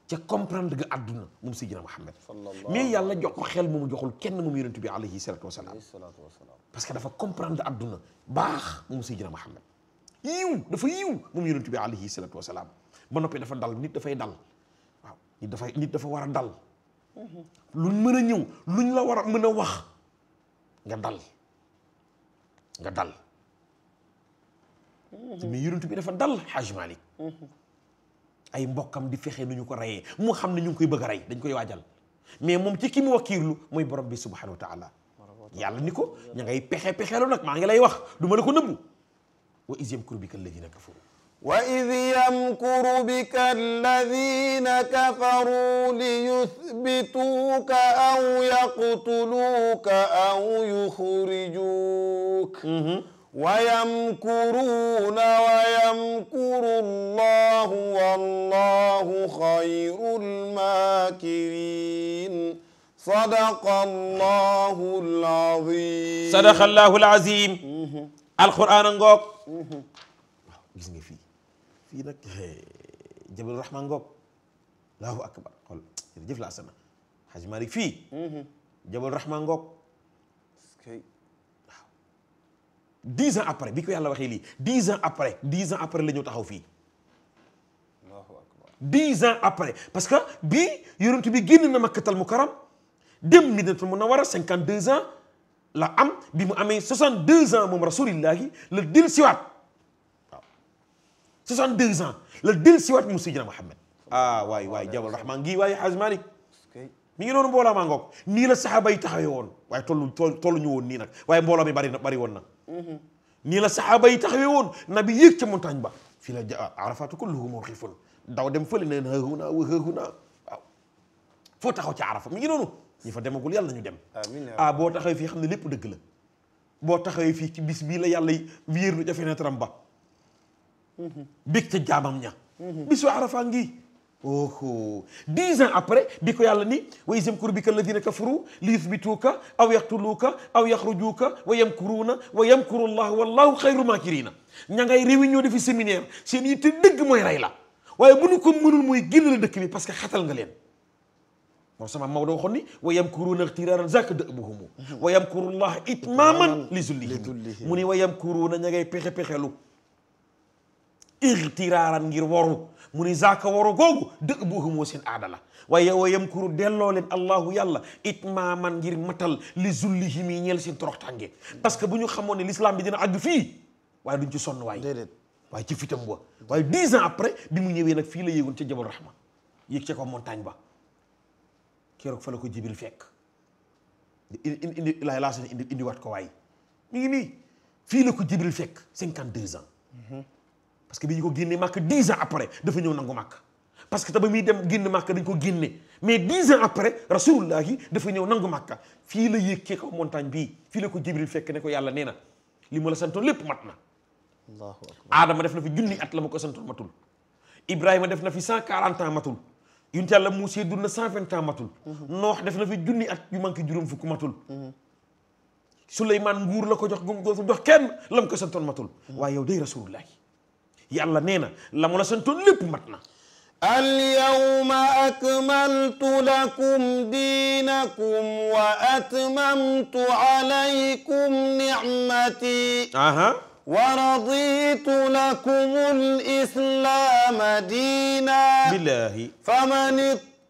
B: ca comprendre nga àdduna moom Seydina Muhammad mais yàlla jox ko xel mu joxul kenn moom yonent bi alayhi salaatu wasalaam parce que dafa comprendre àdduna baax moom Seydina Muhammad yiw dafa yiw moom yonent bi alayhi salaatu wasalaam ba noppi dafa dal nit dafay dal waaw nit dafay nit dafa war a dal mm-hmm. mën a ñëw luñ la war a mën a wax nga dal nga dal
C: mm-hmm. mais yonent
B: bi dafa dal Hajj Malik mm-hmm. ay mbokkam di fexe nu ñu ko reyee mu xam ne ñu ngi koy bëgg a rey dañ koy waajal mais moom ci ki mu wakiirlu mooy borom bi subhanahu wa taala yàlla ni ko ña ngay pexe pexeelu nag maa ngi lay wax du ma la ko nëbbu wa is yamkuru bika alladina kafaru
C: wa id yamkuru bika alladina kafaru liyuthbituuka aw yaqtuluuka aw yuxrijuuk mm-hmm. ويمكرون ويمكر الله والله خير الماكرين صدق الله العظيم صدق الله العظيم القرآن ngoog
B: gis nga fii fii nag Jabal Rahman ngoog Allahu akbar xool jërëjëf la asana Xaj Malik fii Jabal Rahman ngoog dix ans après bi ko yàlla waxee lii dix ans après dix ans après la ñëw taxaw fii dix ans après parce que bii yonent bi génn na makkatal mukarram dem Madinatul Munawwara cinquante deux ans la am bi mu amee soixante deux ans moom rasulillahi la dil siwaat waaw soixante deux la dil siwaat mu Seydina Muhammad ah, ah waay waay jabal rahman ngi waaye Haj Malik mi ngi noonu mbooloo maa ngoog nii la saxaaba yi taxawee woon waay tollu tolluñu woon nii nag waaye mbooloo mi bari na bari woon na
C: nii
B: la saxaaba yi taxawee woon nabi yéeg ca montagne ba fii la ja arafatu kulluhu mawqifun daw dem fële neen hahuna wa hahuna waaw foo taxaw ci arafa mi ngi noonu ñi fa demagul yàlla ñu dem ah boo taxawee fii xam ne lépp dëgg la boo taxawee fii ci bis bii la yàlla wéer nu ca fenêtre am ba bég ca jaamam ña mhm. bisu arafa ngi oh dix ans après bi ko yàlla ni wa yamkurubika alladina kafaru li yuthbituuka aw yaqtuluuka aw yaxrujuuka wa yamkuruuna wa yamkuru llahu wallahu xayru ña ngay réunion defi séminaire seen yitte dëgg mooy rey la waaye bu ñu ko mënul mooy génn dëkk bi parce que xatal nga leen moom sama Maodo waxoon ni wa yamkuruuna ixtiraaran yamkuru llahu itmaaman li zullihim mu ni wa yamkuruuna ña pexe pexelu ixtiraaran ngir waru mu ni zaaka waro googu dëgg bu moo seen aadala waaye waaye wa yamkuru delloo leen allahu yàlla it maaman ngir matal li zullihi mi ñeel seen toroxtànge parce que bu ñu xamoon ne l'islam bi dina àgg fii waaye duñ ci sonn waay déedéet waaye ci fitam ba waaye dix ans après bi mu ñëwee nag fii la yéegoon ca jabal rahma yéeg ca ko montagne ba keroog fa la ko jibril fekk indi laay laa seen indi indiwaat ko waay mi ngi nii fii la ko jibril fekk cinquante deux ans mhm. parce que bi ñu ko génnee màkk dix ans après dafa ñëw nangu màkk parce que te ba muy dem génn makk dañ ko génne mais dix ans après rasulullah yi dafa ñëw nangu màkka fii la yëkkee ko montagne bii fii la ko jibril fekk ne ko yàlla nee na li ma la santoon lépp mat
C: na
B: aadama def na fi junni at la ma ko santoon matul ibrahima def na fi cent quarante ans matul yunti yàlla muusee dund na cent vingt ans matul mhm. noox def na fi junni at yu manqué juróom fukk matul mhm. suleymaan nguur la ko jox gum dootul jox kenn la mu ko santoon matul mhm. waaye yow day rasulullah yi yàlla nee na la mu la santoon lépp mat na
C: alyawma akmaltu lakum diinakum wa atmamtu alaykum ni'mati wa raditu lakum al-islaama diina billahi faman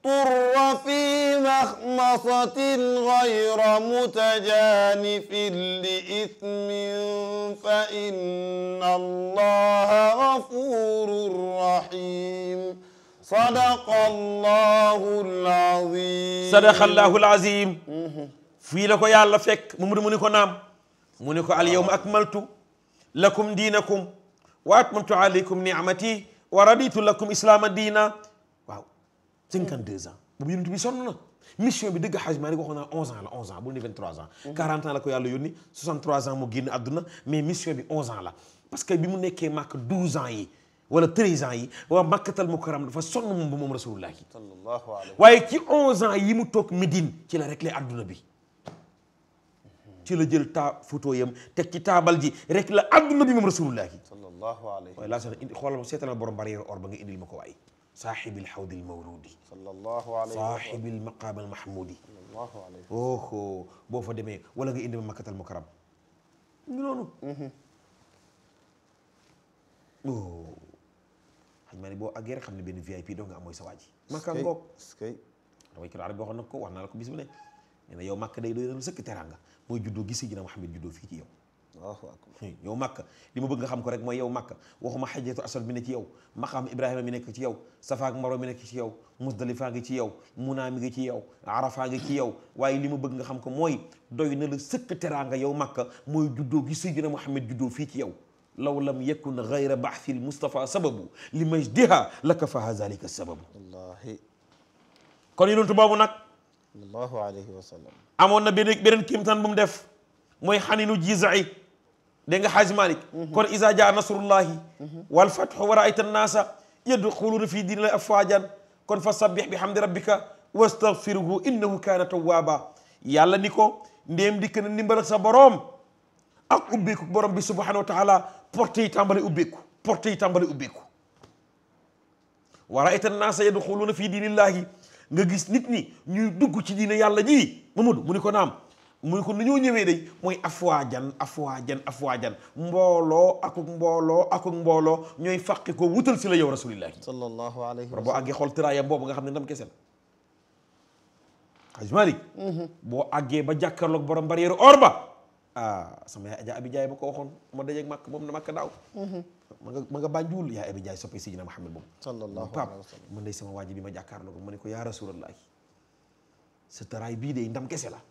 C: اضطر في مخمصة غير متجانف لإثم فإن الله غفور رحيم صدق الله العظيم صدق الله العظيم
B: fii la ko yàlla fekk Mamadou mu ni ko naam mu ni ko al yawma akmaltu lakum diinakum wa atmamtu alaykum ni'mati wa raditu lakum islaama diina 52 ans boobu mission bi dëgg xaj maa ni waxoon naa 11 ans la 11 ans bul ni 23 ans. 40 mhm. ans la ko yàlla yónni 63 ans mu génn àdduna mais mission bi 11 ans la parce que bi mu nekkee màkk 12 ans yi wala 13 ans yi waa màkkatal mukarram dafa sonn moom ba moom rasulullah yi. waaye ci 11 ans yi mu toog Médine ci la réglé àdduna bi. Mhm. ci la jël ta photo yam teg ci taabal ji rek la àdduna bi moom rasulullah yi. waaye laa sax indi ba nga indil ma ko waaye. saaxibil xawdil mawruudi. sallallahu alayhi wa sallam saaxibil maqaamal mahmuudi.
E: sallallahu alayhi wa
B: sallam. boo fa demee wala nga indi ma makkatal mukarram. ngi noonu. xaj ma ne boo àggee rek xam ne benn VIP doo nga am mooy sa waa ji. makka ngoog skay damay kilo arab waxoon na ko wax naa la ko bis bu ne. nee na yow makka day doy na sëkk teraanga mooy juddoo gis yi dina Muhammad juddoo fii ci yow. waaw yow màkk li ma bëgg nga xam ko rek mooy yow màkk waxuma xajjatu aswad mi ne ci yow maqaam ibrahima mi nekk ci yow safaak maro mi nekk ci yow musdalifa ngi ci yow munaa mi ngi ci yow arafa ngi ci yow waaye li ma bëgg nga xam ko mooy doy na la sëkk teraanga yow màkk mooy juddoo gi sayyidina muhammad juddoo fii ci yow law lam yakun gayra baxsil mustafa sababu li majdiha lakafaha zalika sababu wallahi kon yonentu boobu nag
C: sallallahu alayhi wa sallam
B: na benn beneen kéemtaan bu mu def mooy xaninu dégg nga xaaji Malick mhm. kon isa ja nasrullahi mhm. wal fathu wa raayta annaasa yadxuluuna fii diinillaahi afwaajan kon fa sabbih bi hamdi rabbika wastaghfirhu innahu kaana tawwaaba yàlla ni ko ndéem dikk na ndimbal ak sa boroom ak borom bi subhanahu wa taala porte yi tàmbali ubbeeku porte yi tàmbali ubbeeku wa nga gis nit ñi ñuy dugg ci diine yàlla ji mu ni naam mooy ko nu ñoo ñëwee day mooy afwaajan afwaajan afwaajan mbooloo akuk mbooloo akuk mbooloo ñooy fàqi ko wutal si la yow rasulillah sallallahu alayhi wa xool tiraayam boobu nga xam ne ndam kese la mhm. àggee ba jàkkaarloog borom barrière or ba ah sama yaay Adja Abi Jaay ma ko waxoon ma moom na màkk daaw ma mhm. ma nga bànjuwul yaay Abi Jaay soppi Sidina Muhammad boobu sallallahu alayhi wa sallam man day sama waaji bi ma jàkkaarloog ma ne ko bii day ndam kese la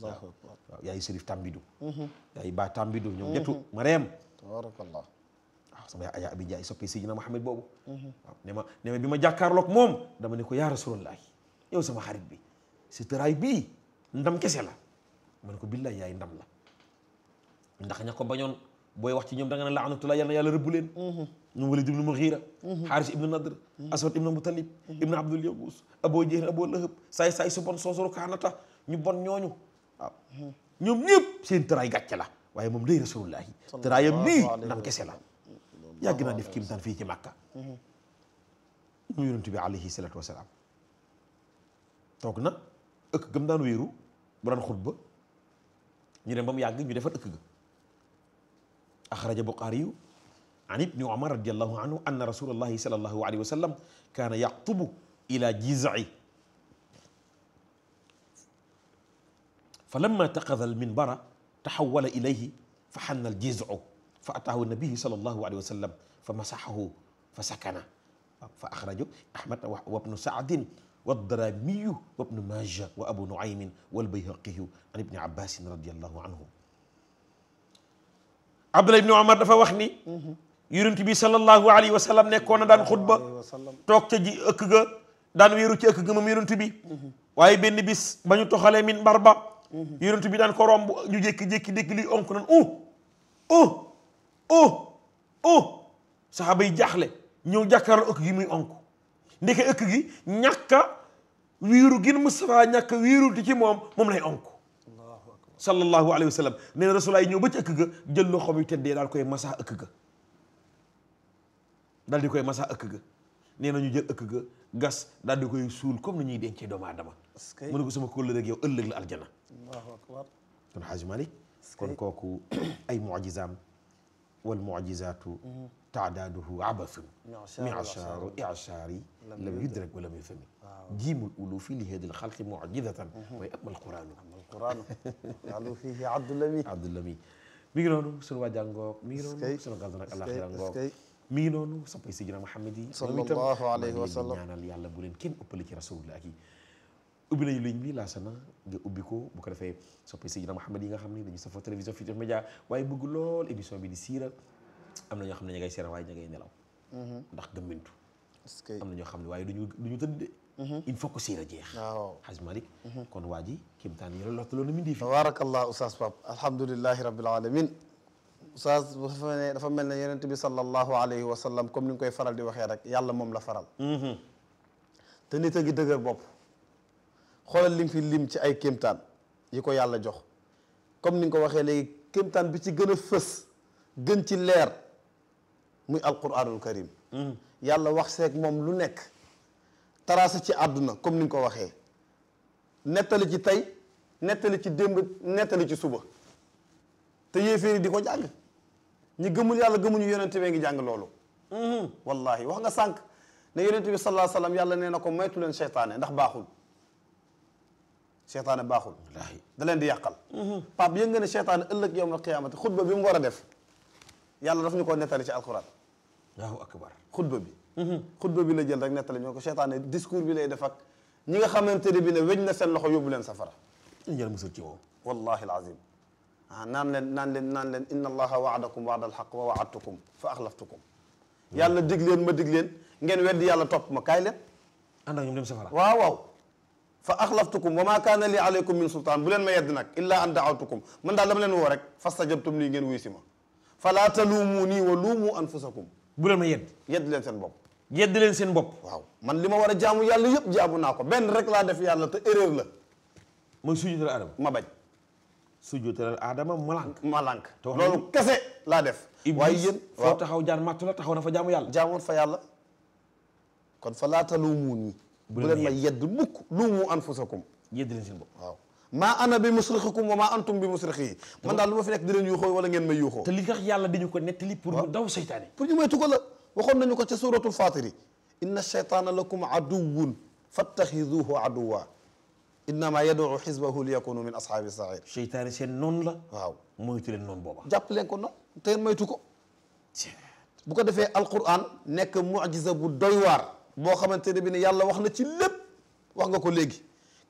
B: waaw yaay Serif Tambidou mhm. yaay Ba Tambidou ñoom ñettu mhm. Mariam
C: tabarakallah waaw
B: ah, sama yaay Aja Abi Jaay soppi Sidina Muhammad boobu mhm. waaw ne ma ne ma bi moom dama ne ko yaa Rasulullah yow sama xarit bi si tëraay bii ndam kese la ma ne ko billaay yaay ndam la ndax ña ko bañoon booy wax ci ñoom da nga ne laanatullah yàlla na yàlla rëbbu leen ñoom Walid ibnu Mughira Xaaris ibnu Nadr Aswad ibnu Mutalib ibnu Abdul Yabus Abu Jahl Abu Lahab saay saay su bon soosu rukaanata ñu bon ñooñu waaw ñoom ñëpp seen tëraay gàcce la waaye moom day rasulullahi tëraayam nii ndam kese la
C: mm-hmm. yàgg naa def
B: kiimtaan fii ci màkka mm-hmm. mu yonent bi alayhi salatu wasalaam toog na ëkk gam daan wéeru bu daan xutba ñu dem ba mu yàgg ñu defar ëkk ga axraja buxaariyu an ibni omar radiallahu anhu anna rasulallahi sal allahu alayhi wa sallam kaana yaxtubu ila jizai fa lamma taqada alminbara taxawala ilayhi fa xanna aljizu fa ataahu nabiyu sallallahu alayhi wa sallam fa masaxahu fa sakana fa axrajo ahmad wabnu saadin والدرامي وابن ماجه وابو نعيم والبيهقي عن ابن عباس رضي الله عنه عبد الله بن عمر دا وخني يونت بي صلى الله عليه وسلم نيكون دان خطبه توك تي اك دان ويرو تي اك مام يونت بي واي بن بيس با ني توخاله من بربا Mm-hmm. yonent bi daan ko romb ñu jékki-jékki dégg luy onk nan uh uh uh uh saxaaba jaaxle ñëw jàkkaarloo ëkk gi muy onk ndeke ëkk gi ñàkka wiiru gin Mustafa ñàkka wiirul ti ci moom moom lay onk sallallahu alayhi wa sallam nee na rasulaa yi ñëw ba ci ëkk ga jël loxo bi teddee daal koy masaa ëkk ga daal di koy masaa ëkk ga nee na ñu jël ëkk ga gas daal di koy suul comme ni ñuy dencee doomu adama mu ne ko sama kóllëre ak yow ëllëg la aljana
C: allahu akbar
B: kon xaaji Malik kon kooku ay mujizaam wal mujizaatu mhm. taadaaduhu abathun mi'shaaru i'shaari lam yudrak wa lam yufham jiimul uluufi li haadil xalqi mujizatan waaye mhm. amal quraanu amal quraanu yàllu fiihi abdulami abdulami mi ngi noonu sunu waa jàngoog mi ngi noonu sunu gàllankoor ak alaxira ngoog mi ngi noonu soppay sidina Muhammad yi sallallahu alayhi wa sallam ñaanal yàlla bu leen kenn ëppale ci rasulullah yi ubbi nañu ligne bi laasana nga ubbi ko bu ko defee soppe Seydina Mouhamed yi nga xam ne dañu safoo télévision Futurs Médias waaye bëgg lool émission bi di siira am na ñoo xam ne ña ngay waaye ña nelaw mhm. ndax gëmmintu am na ñoo xam ne waaye duñu duñu tëdd mhm. il faut siira jeex waaw Hadj mhm. kon waa ji
C: kéemtaan yi loolu loolu mi ngi fi tabarakallah oustaz Pape alhamdulilahi rabbil alamin oustaz dafa ne dafa mel ne yonent bi sallallahu wa sallam comme ni la a xoolal lim fi lim ci ay kéemtaan yi ko yàlla jox comme ni nga ko waxee léegi kéemtaan bi ci gën a fës gën ci leer muy alquranul karim hmm. yàlla wax seek moom lu nekk taraasa ci àdduna comme ni nga ko waxee nettali ci tey nettali ci démb nettali ci suba te yéeféer di ko jàng ñi gëmul yàlla gëmuñu yonente bee ngi jàng loolu hmm. wallahi wax nga sànq ne yonente bi sallallahu alayhi wa yàlla nee na ko moytu leen seytaane ndax baaxul seytaane baaxul da leen di yàqal mhm. pape yëg nga ne xutba bi mu a def yàlla daf ñu ko nettali ci alquran allahu akbar xutba bi mhm. xutba bi la jël rek nettali ñoo ko seytaane discours bi lay def ak ñi nga xamante ne bi na weñ na seen loxo yóbbu leen safara yàlla musul ci moom wallahi alazim ah naan leen naan leen waadakum waada alxaq wa fa axlaftukum mhm. yàlla ma dig leen ngeen weddi yàlla topp ma kaay leen ànd ak ñoom dem safara fa axlaftukum wa maa kaana li aleykum min sultaan bu leen ma yedd nag illaa an daawtukum man daal dama leen woo rek fastajabtum lii ngeen wuyu si ma falaa taluumuu nii wa luumuu anfusakum bu ma yedd yedd leen seen bopp yedd leen seen bopp waaw man li ma war a jaamu yàlla yëpp jaamu naa ko benn rek la def yàlla te erreur la mooy sujjutal adama ma bañ sujjutal adama malank malank loolu kese laa def waaye yéen foo
B: taxaw jaar ma la taxaw na fa jaamu yàlla jaamoon fa yàlla
C: kon falaa taluumuu bu leen ma yedd mukk lumu anfusakum yedd leen seen bopp waaw maa ana bi musrixikum wa maa antum bi musrixi yi man daal lu ma fi nekk di leen yuuxoo wala ngeen may yuuxoo te li tax yàlla dañu ko nettali pour mu daw seytaane pour ñu moytu ko la waxoon nañu ko ca suratul fatiri inna shaytaana lakum aduwun fattaxiduhu aduwa innama yad'u xisbahu liyakunu min ashaabi sair seytaane seen noonu la waaw moytu leen noonu booba jàpp leen ko noonu te moytu ko bu ko defee alquran nekk mujiza bu doy waar boo xamante ne bi ne yàlla wax na ci lépp wax nga ko léegi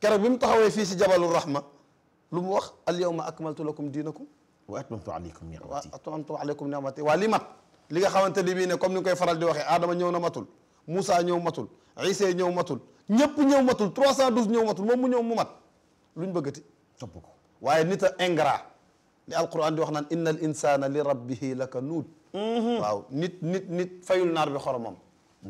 C: keroog bi mu taxawee fii si jabalu rahma lu mu wax al yawma akmaltu lakum diinakum wa atmamtu alaykum ni'mati wa atmamtu alaykum ni'mati waa li mat li nga xamante ne bii ne comme ni koy faral di waxee Adama ñëw na matul Moussa ñëw matul Isa ñëw matul ñëpp ñëw matul 312 ñëw matul moom mu ñëw mu mat luñ bëggati topp ko waaye nit a ingrat li alquran di wax naan inna al insana li rabbihi lakanuud mhm. waaw nit nit nit fayul naar bi xoromam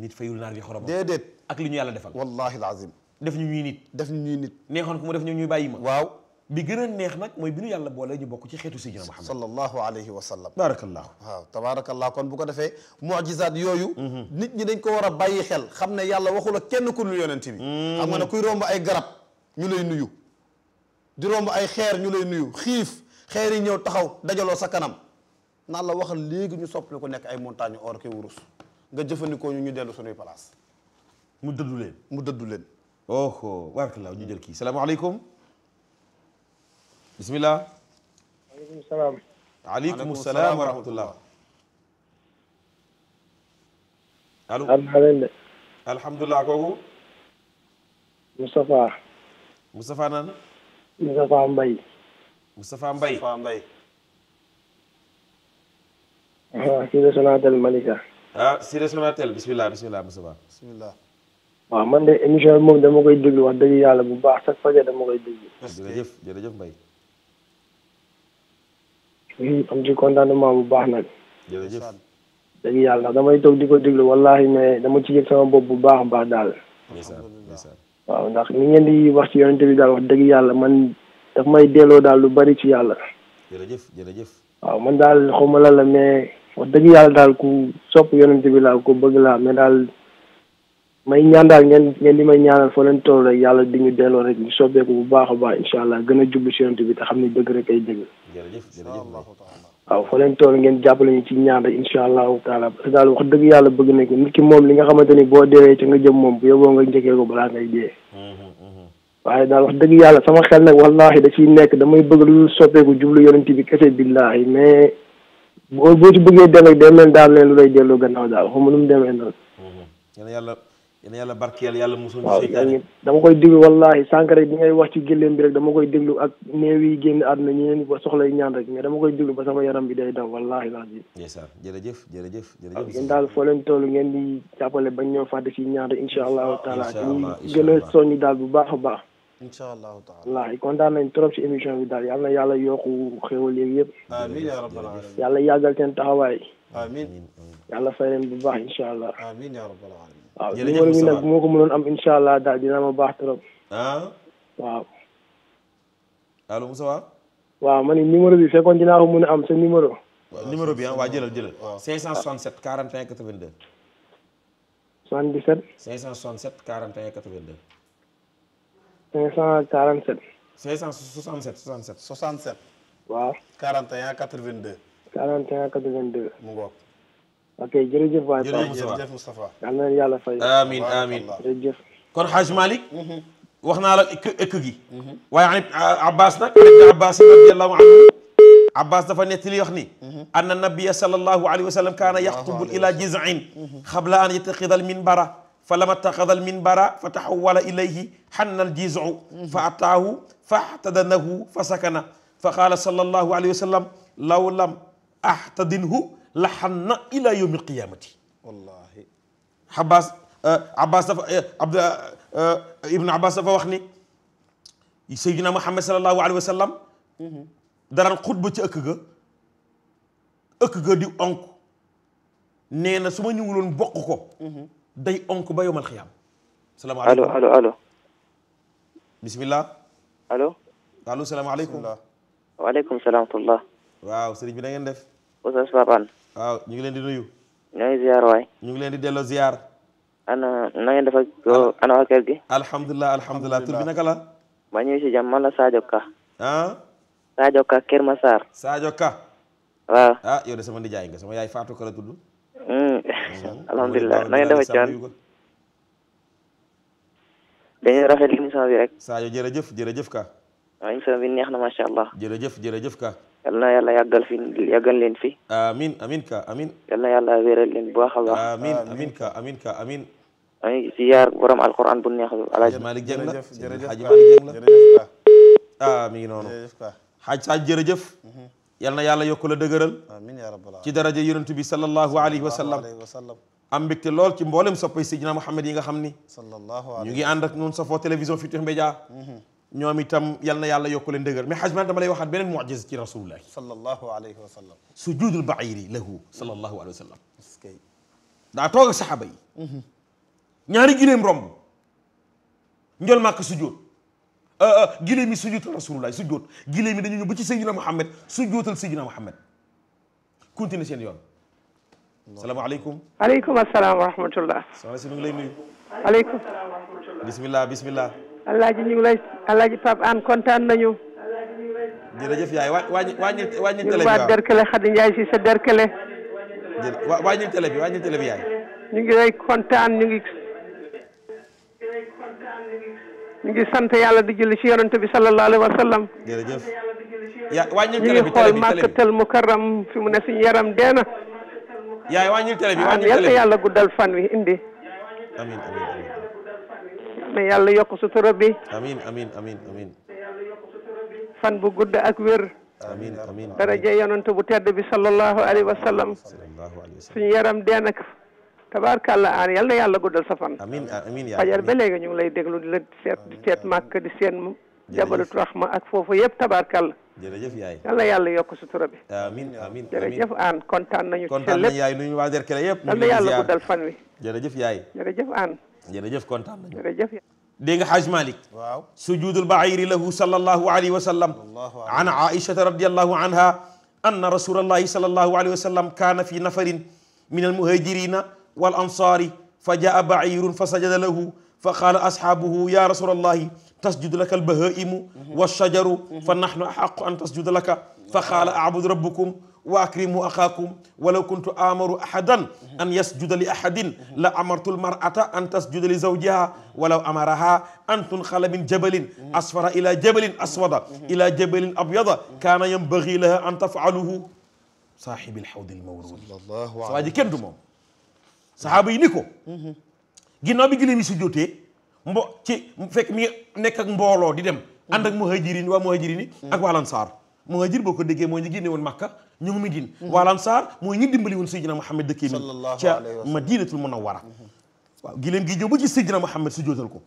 C: nit fayul naar bi xorom déedéet ak li ñu yàlla defal wallahi alazim def ñu ñuy nit def ñu ñuy nit neexoon ku mu def ñu ñuy bàyyi ma waaw bi gën a neex nag mooy bi ñu yàlla boole ñu bokk ci xeetu sayyidina Muhammad sallallahu alayhi wa sallam barakallahu waaw kon bu ko defee mu'jizaat yooyu nit ñi dañ ko war a bàyyi xel xam ne yàlla waxul ak kenn ku dul yonent bi mm. xam nga ne kuy romb ay garab ñu lay nuyu di romb ay xeer ñu lay nuyu xiif xeer yi ñëw taxaw dajaloo sa kanam naan la waxal léegi ñu soppali ko nekk ay montagne or ki wurus nga jëfandikoo ñu ñu dellu suñuy place
B: mu dëddu leen mu dëddu leen oho barakallah ñu jël kii salaamaaleykum bismillah
F: aleykum salaam aleykum salaam wa rahmatullah
B: allo alhamdulilah alhamdulilah kooku Moustapha Moustapha naan
F: Moustapha Mbaye
B: Moustapha Mbaye Moustapha Mbaye waaw ah Siré Sonatel bisimilah bisimilah Moussa Ba. bisimilah.
F: waaw man de émission bi moom dama koy déglu wax dëgg yàlla bu baax chaque fois dama koy déglu.
B: jërëjëf jërëjëf Mbaye.
F: oui am ci contentement bu baax nag. jërëjëf. dëgg yàlla ndax damay toog di ko déglu wallahi mais dama ci yëg sama bopp bu baax a baax daal. waaw ndax di wax ci yonente daal wax dëgg yàlla man daf may delloo daal lu bari ci yàlla. man daal xaw ma la wax dëgg yàlla daal ku sopp yonent bi laa ku bëgg laa mais daal may ñaan daal ngeen ngeen di may ñaanal foo rek yàlla di ñu delloo rek ñu soppeeku bu baax a baax incha allah gën a jublu si bi te xam ni dëgg rek ay dëgg. jërëjëf waaw foo leen toll ngeen jàppale ñu ci ñaan rek incha allahu taala parce que daal wax dëgg yàlla bëgg nañ ko nit ki moom li nga xamante ni boo deewee ci nga jëm moom bu yóbboo nga njëkkee ko balaa ngay dee. Mm-hmm, mm-hmm. waaye daal wax dëgg yàlla sama xel nag wallahi da ciy nekk damay bëgg lu soppeeku jublu yonent bi boo boo ci bëggee dem ak day mel daal leen lu lay delloo gannaaw daal xaw ma nu mu demee noonu. Mm-hmm. yéen yàlla yàlla barkeel yàlla musul. waaw dama koy déglu wallahi sànq rek bi ngay wax ci gëléem bi rek dama koy déglu ak néew yi génn àdduna ñeneen ba soxlay ñaan rek mais dama koy déglu ba sama yaram bi day daw wallahi laaj bi.
B: ndeysaan jërëjëf jërëjëf. jërëjëf yéen daal
F: foo leen toll ngeen di jàppale ba ñoo fàtte si ñaan rek incha allahu taala. incha allah daal bu baax a baax incha allahu taala wallaay kontaan nañ trop si émission bi daal yal na yàlla yokku xéwal yeeg yëpp.
C: amiin yaa rabbal alamin
F: yàlla yàggal e seen taxawaay. amiin yàlla fay leen bu baax incha allah. amiin bi nag bu am incha allah daal dina ma baax trop. ah. waaw. allo Moussa Wa. waaw ma ni numéro bi fekkoon dinaa ko mën a am sa numéro.
B: waaw bi ah, waa jëlal jëlal. waaw 567 41 82.
F: 77. 567 41 82. 547.
C: 567 67. 67. waaw. 41 82.
F: 41 82. mu ngoog. ok jërëjëf waay. jërëjëf
C: Moustapha yal
F: na leen yàlla fay.
B: amiin amiin jërëjëf. kon Hadj Malick. Mhm. wax naa la ëkk ëkk gi. Mhm. waaye an ah, Abbas nag. ibn Abbas radiyallahu anhu. Abbas dafa nettali wax ni. Mhm. anna nabiya sallallahu alayhi wa sallam kaana yaxtubu ila jiz'in. qabla an yattaxidal minbara fa lama taxadal min bara fa taxawala ilayhi xannal jizu fa ataahu faxtadanahu fa sakana fa qaala sallallahu alayhi wa sallam law lam ahtadinhu la xanna ila yawmi alqiyamati wallahi abbas abbas dafa abd ibnu abbas dafa wax ni sayyidina muhammad sallallahu alayhi wa sallam daraan xutba ci ëkk ga ëkk ga di onk nee na su ma ñëwuloon bokk ko day onk ba yowmal xiyaam. salaamaaleykum allo allo allo. bisimilah. allo. allo salaamaaleykum. salaam wa waaw sëriñ bi na ngeen def. Oustaz Pape Hann. ñu ngi leen di nuyu. ñoo ngi ziar waay. ñu ngi leen di delloo ziar. ana na ngeen def ana waa kër gi. alhamdulilah alhamdulilah tur bi ma ñëw si jàmm man la Sadio Ka. ah. Sadio Ka Kër Massar. Sadio Ka. waaw. ah yow de sama nijaay nga sama yaay Fatou Ka la tudd.
D: alhamdulilah na ngeen defee caan
B: dañuy rafet li émission bi rek Sadio jërëjëf jërëjëf ka waaw émission bi neex na macha jërëjëf jërëjëf ka fi yàggal leen fi amin amin ka amin yal na yàlla leen bu baax a amin amin ka amin ka amin maa bu neex alaaji Malick Jeng la jërëjëf Malick Jeng la ah, mi ngi noonu yal na yàlla yokk la dëgëral
C: amiin yaa rabbal ci
B: daraja yonent bi sallallahu alayhi wa
C: sallam
B: am mbégte lool ci mboolem soppay Sidina Muhammad yi nga xam ni ñu ngi ànd ak ñun safoo télévision Futurs Médias mhm. ñoom itam yal na yàlla yokk leen dëgër mais xaj ma dama lay waxaat beneen mucjise ci rasulullah
C: sallallahu alayhi wa sallam
B: sujudul bairi lahu sallallahu alayhi wa sallam daa toog ak saxaaba yi mhm. ñaari gileem romb njol màkk sujud Euh, euh, gileem yi sujjootal rasulullah sujjoot gileem yi dañu ñëw ba ci sayyidina Muhammad sujjootal sayyidina Muhammad continue seen yoon. salaamaaleykum. aleykum asalaam wa rahmatullah. soxna si ñu ngi lay nuyu. aleykum. bismillah bismillah.
F: alaaji ñu ngi lay alaaji Pape Hann kontaan nañu.
B: jërëjëf yaay waa waa wàññi wàññi télé bi waaw derkale Khady
C: Ndiaye si sa derkale. jërëjëf waa wàññi télé bi wàññi télé bi yaay. ñu ngi lay kontaan ñu ngi. ñu ngi sant yàlla di julli ci yonent bi sallallahu alayhi wa sallam.
E: jërëjëf
B: yaa wàññil télé bi télé bi ñu ngi xool
C: màkkatal mukarram fi mu ne suñu yaram dee na.
B: yaay wàññil télé bi wàññil télé bi yàlla guddal
C: fan wi indi. amiin amiin amiin. na yàlla yokk sutura bi. amiin
B: amiin amiin amiin.
C: fan bu gudd ak wér. amiin amiin daraja yonent bu tedd bi sallallahu alayhi wa sallam. suñu yaram dee na. tabaarkàlla aan yal na yàlla guddal sa fan amiin
F: amiin ah,
B: yaa
C: fajar ba léegi ñu ngi lay déglu di la seet di seet màkk di seen jabalut rahma ak foofu yëpp tabaarkàlla
B: jërëjëf yaay yal na yàlla
C: yokk sutura bi amiin amiin jërëjëf aan
B: kontaan nañu kontaan nañu yaay nuyu waa Derklé yëpp yal na yàlla guddal fan wi jërëjëf yaay jërëjëf aan jërëjëf kontaan nañu jërëjëf dégg nga Haj Malik waaw sujudul bairi lahu sallallahu alayhi wa sallam an aishata radiallahu anha anna rasulallahi sallallahu alayhi wa sallam kaana fi nafarin min almuhajirina wal ansaari fa jaa bairun fa sajada lahu fa qaala asxaabuhu ya rasul allahi tasjudu laka albahaimu walshajaru fa nahnu axaqu an tasjuda laka fa qaala abudu rabbukum wa akrimu axaakum walaw kuntu amaru ahadan an yasjuda li ahadin la amartu almar'ata an tasjuda li zawjiha walaw amaraha an tunxala min jabalin asfara ila jabalin aswada ila jabalin abyada kaana yanbagi laha an tafaluhu saaxibi alxawdi almawruud waa ji kenn du moom saxaaba yi ni ko mhm. ginnaaw bi giléem yi si jotee mbo ci fekk mi nekk ak mbooloo di dem mhm. ànd ak muhajirin waa muhajirin yi mhm. ak waa lansaar muhajir boo ko déggee mooy ñu génne woon makka ñu ngi Medine waa lansaar mooy ñi dimbali woon Seydina Muhammad dëkkee mi ca madinatul munawwara waaw giléem gi jóg ba ci Seydina Muhammad si jootal ko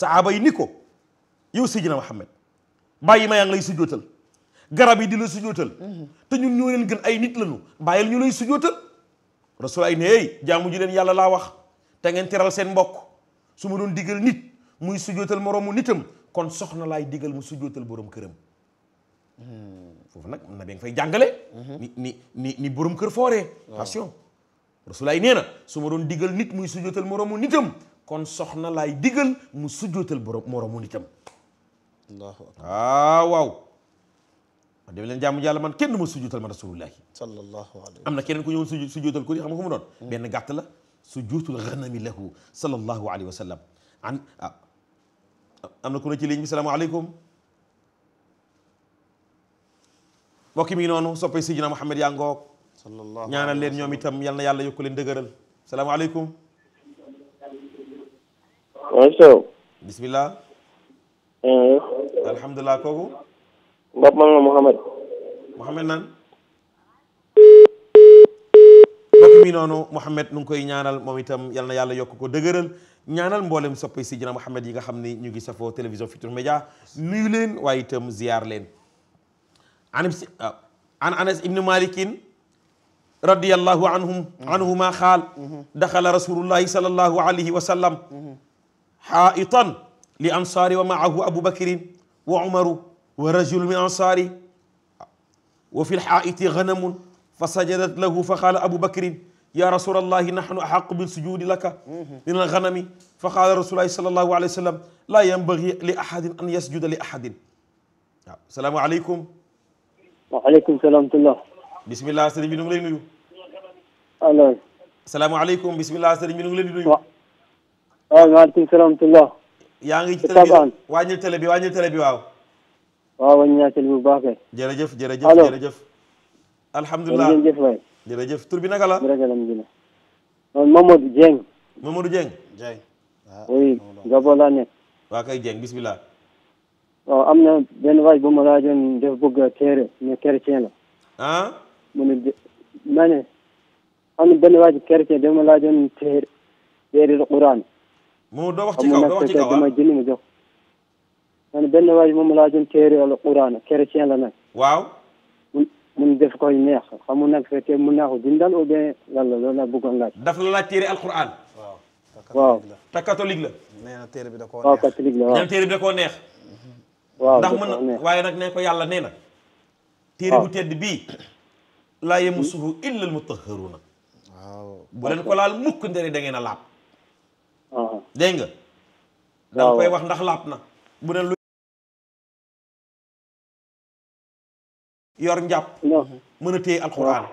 B: saxaaba yi ni ko yow Seydina Muhammad bàyyi ma yaa ngi lay si jootal garab yi di la si te ñun ñoo leen gën ay nit lañu bàyyil ñu lay si jootal rasulaay ne hey jaamu ji leen yàlla laa wax te ngeen teral seen mbokk su ma doon diggal nit muy sujootal moroomu nitam kon soxna laay digal mu sujootal borom këram hmm. foofu nag na bi nga fay mhm. ni borom kër fooree attention rasulaay su ma doon digal nit muy sujootal moroomu nitam kon soxna laay digal mu sujootal borom moroomu nitam ah, waaw man dama leen jaamu yàlla man kenn du ma sujjuutal ma rasulullahi
C: sallallahu alayhi am
B: na keneen ku ñëwoon su sujjuutal ko li xam nga ko mu doon hmm. benn gàtt la sujjuutul ghanami lahu sallallahu alayhi wa sallam an ah, am na ku ne mi noonu soppay Sidina Muhammad yaa ngoog ñaanal leen ñoom itam yal leen dëgëral salaamaaleykum waaleykum
E: Mbap man la Mouhamed.
B: Mouhamed nan mbokk mi noonu Mouhamed nu ngi koy ñaanal moom itam yal na yàlla yokk ko dëgëral ñaanal mboolem soppi si jina Mouhamed yi nga xam ni ñu ngi safoo télévision Futurs Médias nuyu leen waaye itam ziyaar leen. an si ah, an Anas ibnu Malikin radiyallahu anhum mhm. anhuma xaal mhm. daxala rasulullahi sallallahu alayhi wa sallam mhm. xaaitan li ansaari wa maahu abubakrin wa umaru wa rajul min ansaari wa fi lxaaiti ganamun fa sajadat lahu fa qaala abu bakrin ya rasul allahi nahnu ahaqu bilsujudi laka min alganami fa qaala rasulullahi sal allahu alayhi wa sallam laa yanbagi li ahadin an yasjuda li ahadin waaw salaamualeykum waaleykum salaam tullah bismillah sëriñ bi nu ngi lay nuyu alors salaamualeykum bismillah sëriñ bi nu ngi lay nuyu
F: waaw waaleykum salaam tullah yaa ngi ci télé bi
B: wàññil télé bi wàññil télé bi waaw
F: waaw waññi naa sel bu baax kay. jërëjëf jërëjëf allo
B: jërëjëf. alhamdulilah jërëjëf
F: waay. jërëjëf tur bi naka la. jërëjëf alhamdulilah. Mamadou Dieng. Mamadou Dieng. Ah,
B: waa kay bismillah.
F: waaw am na benn waay bu ma laajoon def bëgg a téere ne la. ah. am na benn waay chrétien dama laajoon téere téere Quran.
B: mu doo wax ci kaw doo wax ci kaw
F: man benn waay moom laa jëm téere alquran chrétien la nag. waaw. mun def koy neex xamu nag mu mun naa ko bindal ou bien lan la loolu laa bëggoon laaj.
B: daf la laaj téere alquran. waaw.
F: waaw te
B: catholique la. nee na téere bi da koo neex waaw
F: catholique la waaw.
B: nee da koo neex.
F: waaw ndax mën na waaye
B: nag nee ko yàlla nee na. téere bu tedd bi laa yamassuhu illa almutahharuna. waaw bu leen ko laal mukk ndere da ngeen a laab.
A: dégg wax ndax laab na bu ne lu. yor njàpp. mën a téye alxuraan.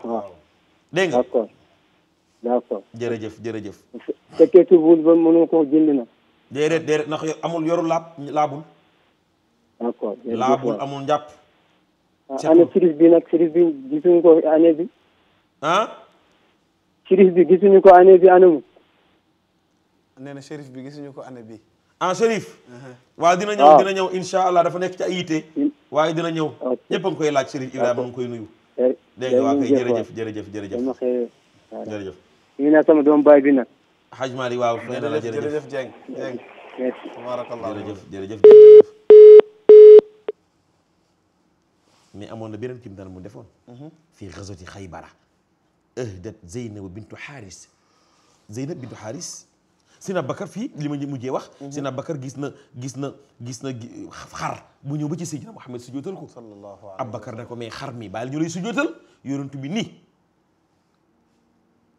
B: dégg nga. d'accord d'accord. jërëjëf
F: jërëjëf. fekkee ci wul ba mënoo koo jënd na. déedéet
B: déedéet ndax amul yoru laab
F: laabul. d'accord amul
C: njàpp. Ah, c'est année
F: bi nag cerise bi gisuñu ko année bi. ah. cerise bi gisuñu ko année bi
C: na cerise bi gisuñu ko année bi.
B: ah Chérif uh-huh. waaw dina ñëw ah. dina ñëw incha allah dafa nekk ci ay yitte waaye dina ñëw ah, ñëpp a ngi koy laaj Chérif Ibrahima a ngi koy nuyu eh, dégg nga waa kay jërëjëf
C: jërëjëf jërëjëf
F: jërëjëf ñu ne sama doom baay bi nag
B: Hadj Mali waaw nee na la jërëjëf jërëjëf Dieng Dieng tabarakallah jërëjëf jërëjëf jërëjëf mais amoon na beneen kim daan mu defoon uh-huh. fii gazwati Xaybara ahdat Zeynab bintu Xaaris Zeynab bintu Xaaris Sina Bakar fii li ma mujjee wax. Mhm. Sina Bakar gis na gis na gis na xar mu ñëw ba ci Seydina Muhammad sujootal ko. sallallahu alayhi Abubakar ne ko mais xar mi baal ñu lay sujootal yonent bi nii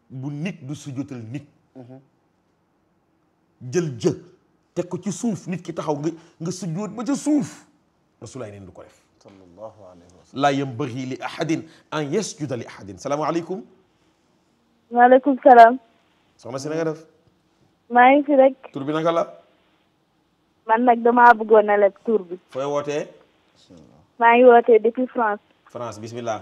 B: bu nit du sujootal nit. Mhm. jël jë teg ko ci suuf nit ki taxaw nga nga sujoot ba suuf Rasulaay neen du ko def. sallallahu alayhi wa sallam laa yambagi li ahadin an yasjuda li ahadin salaamualeykum. salaam. soxna si na
D: maa ngi fi rek. tur bi naka la. man nag damaa bëggoon a leb tur bi. fooy wootee. maa ngi woote depuis France.
B: France bismillah.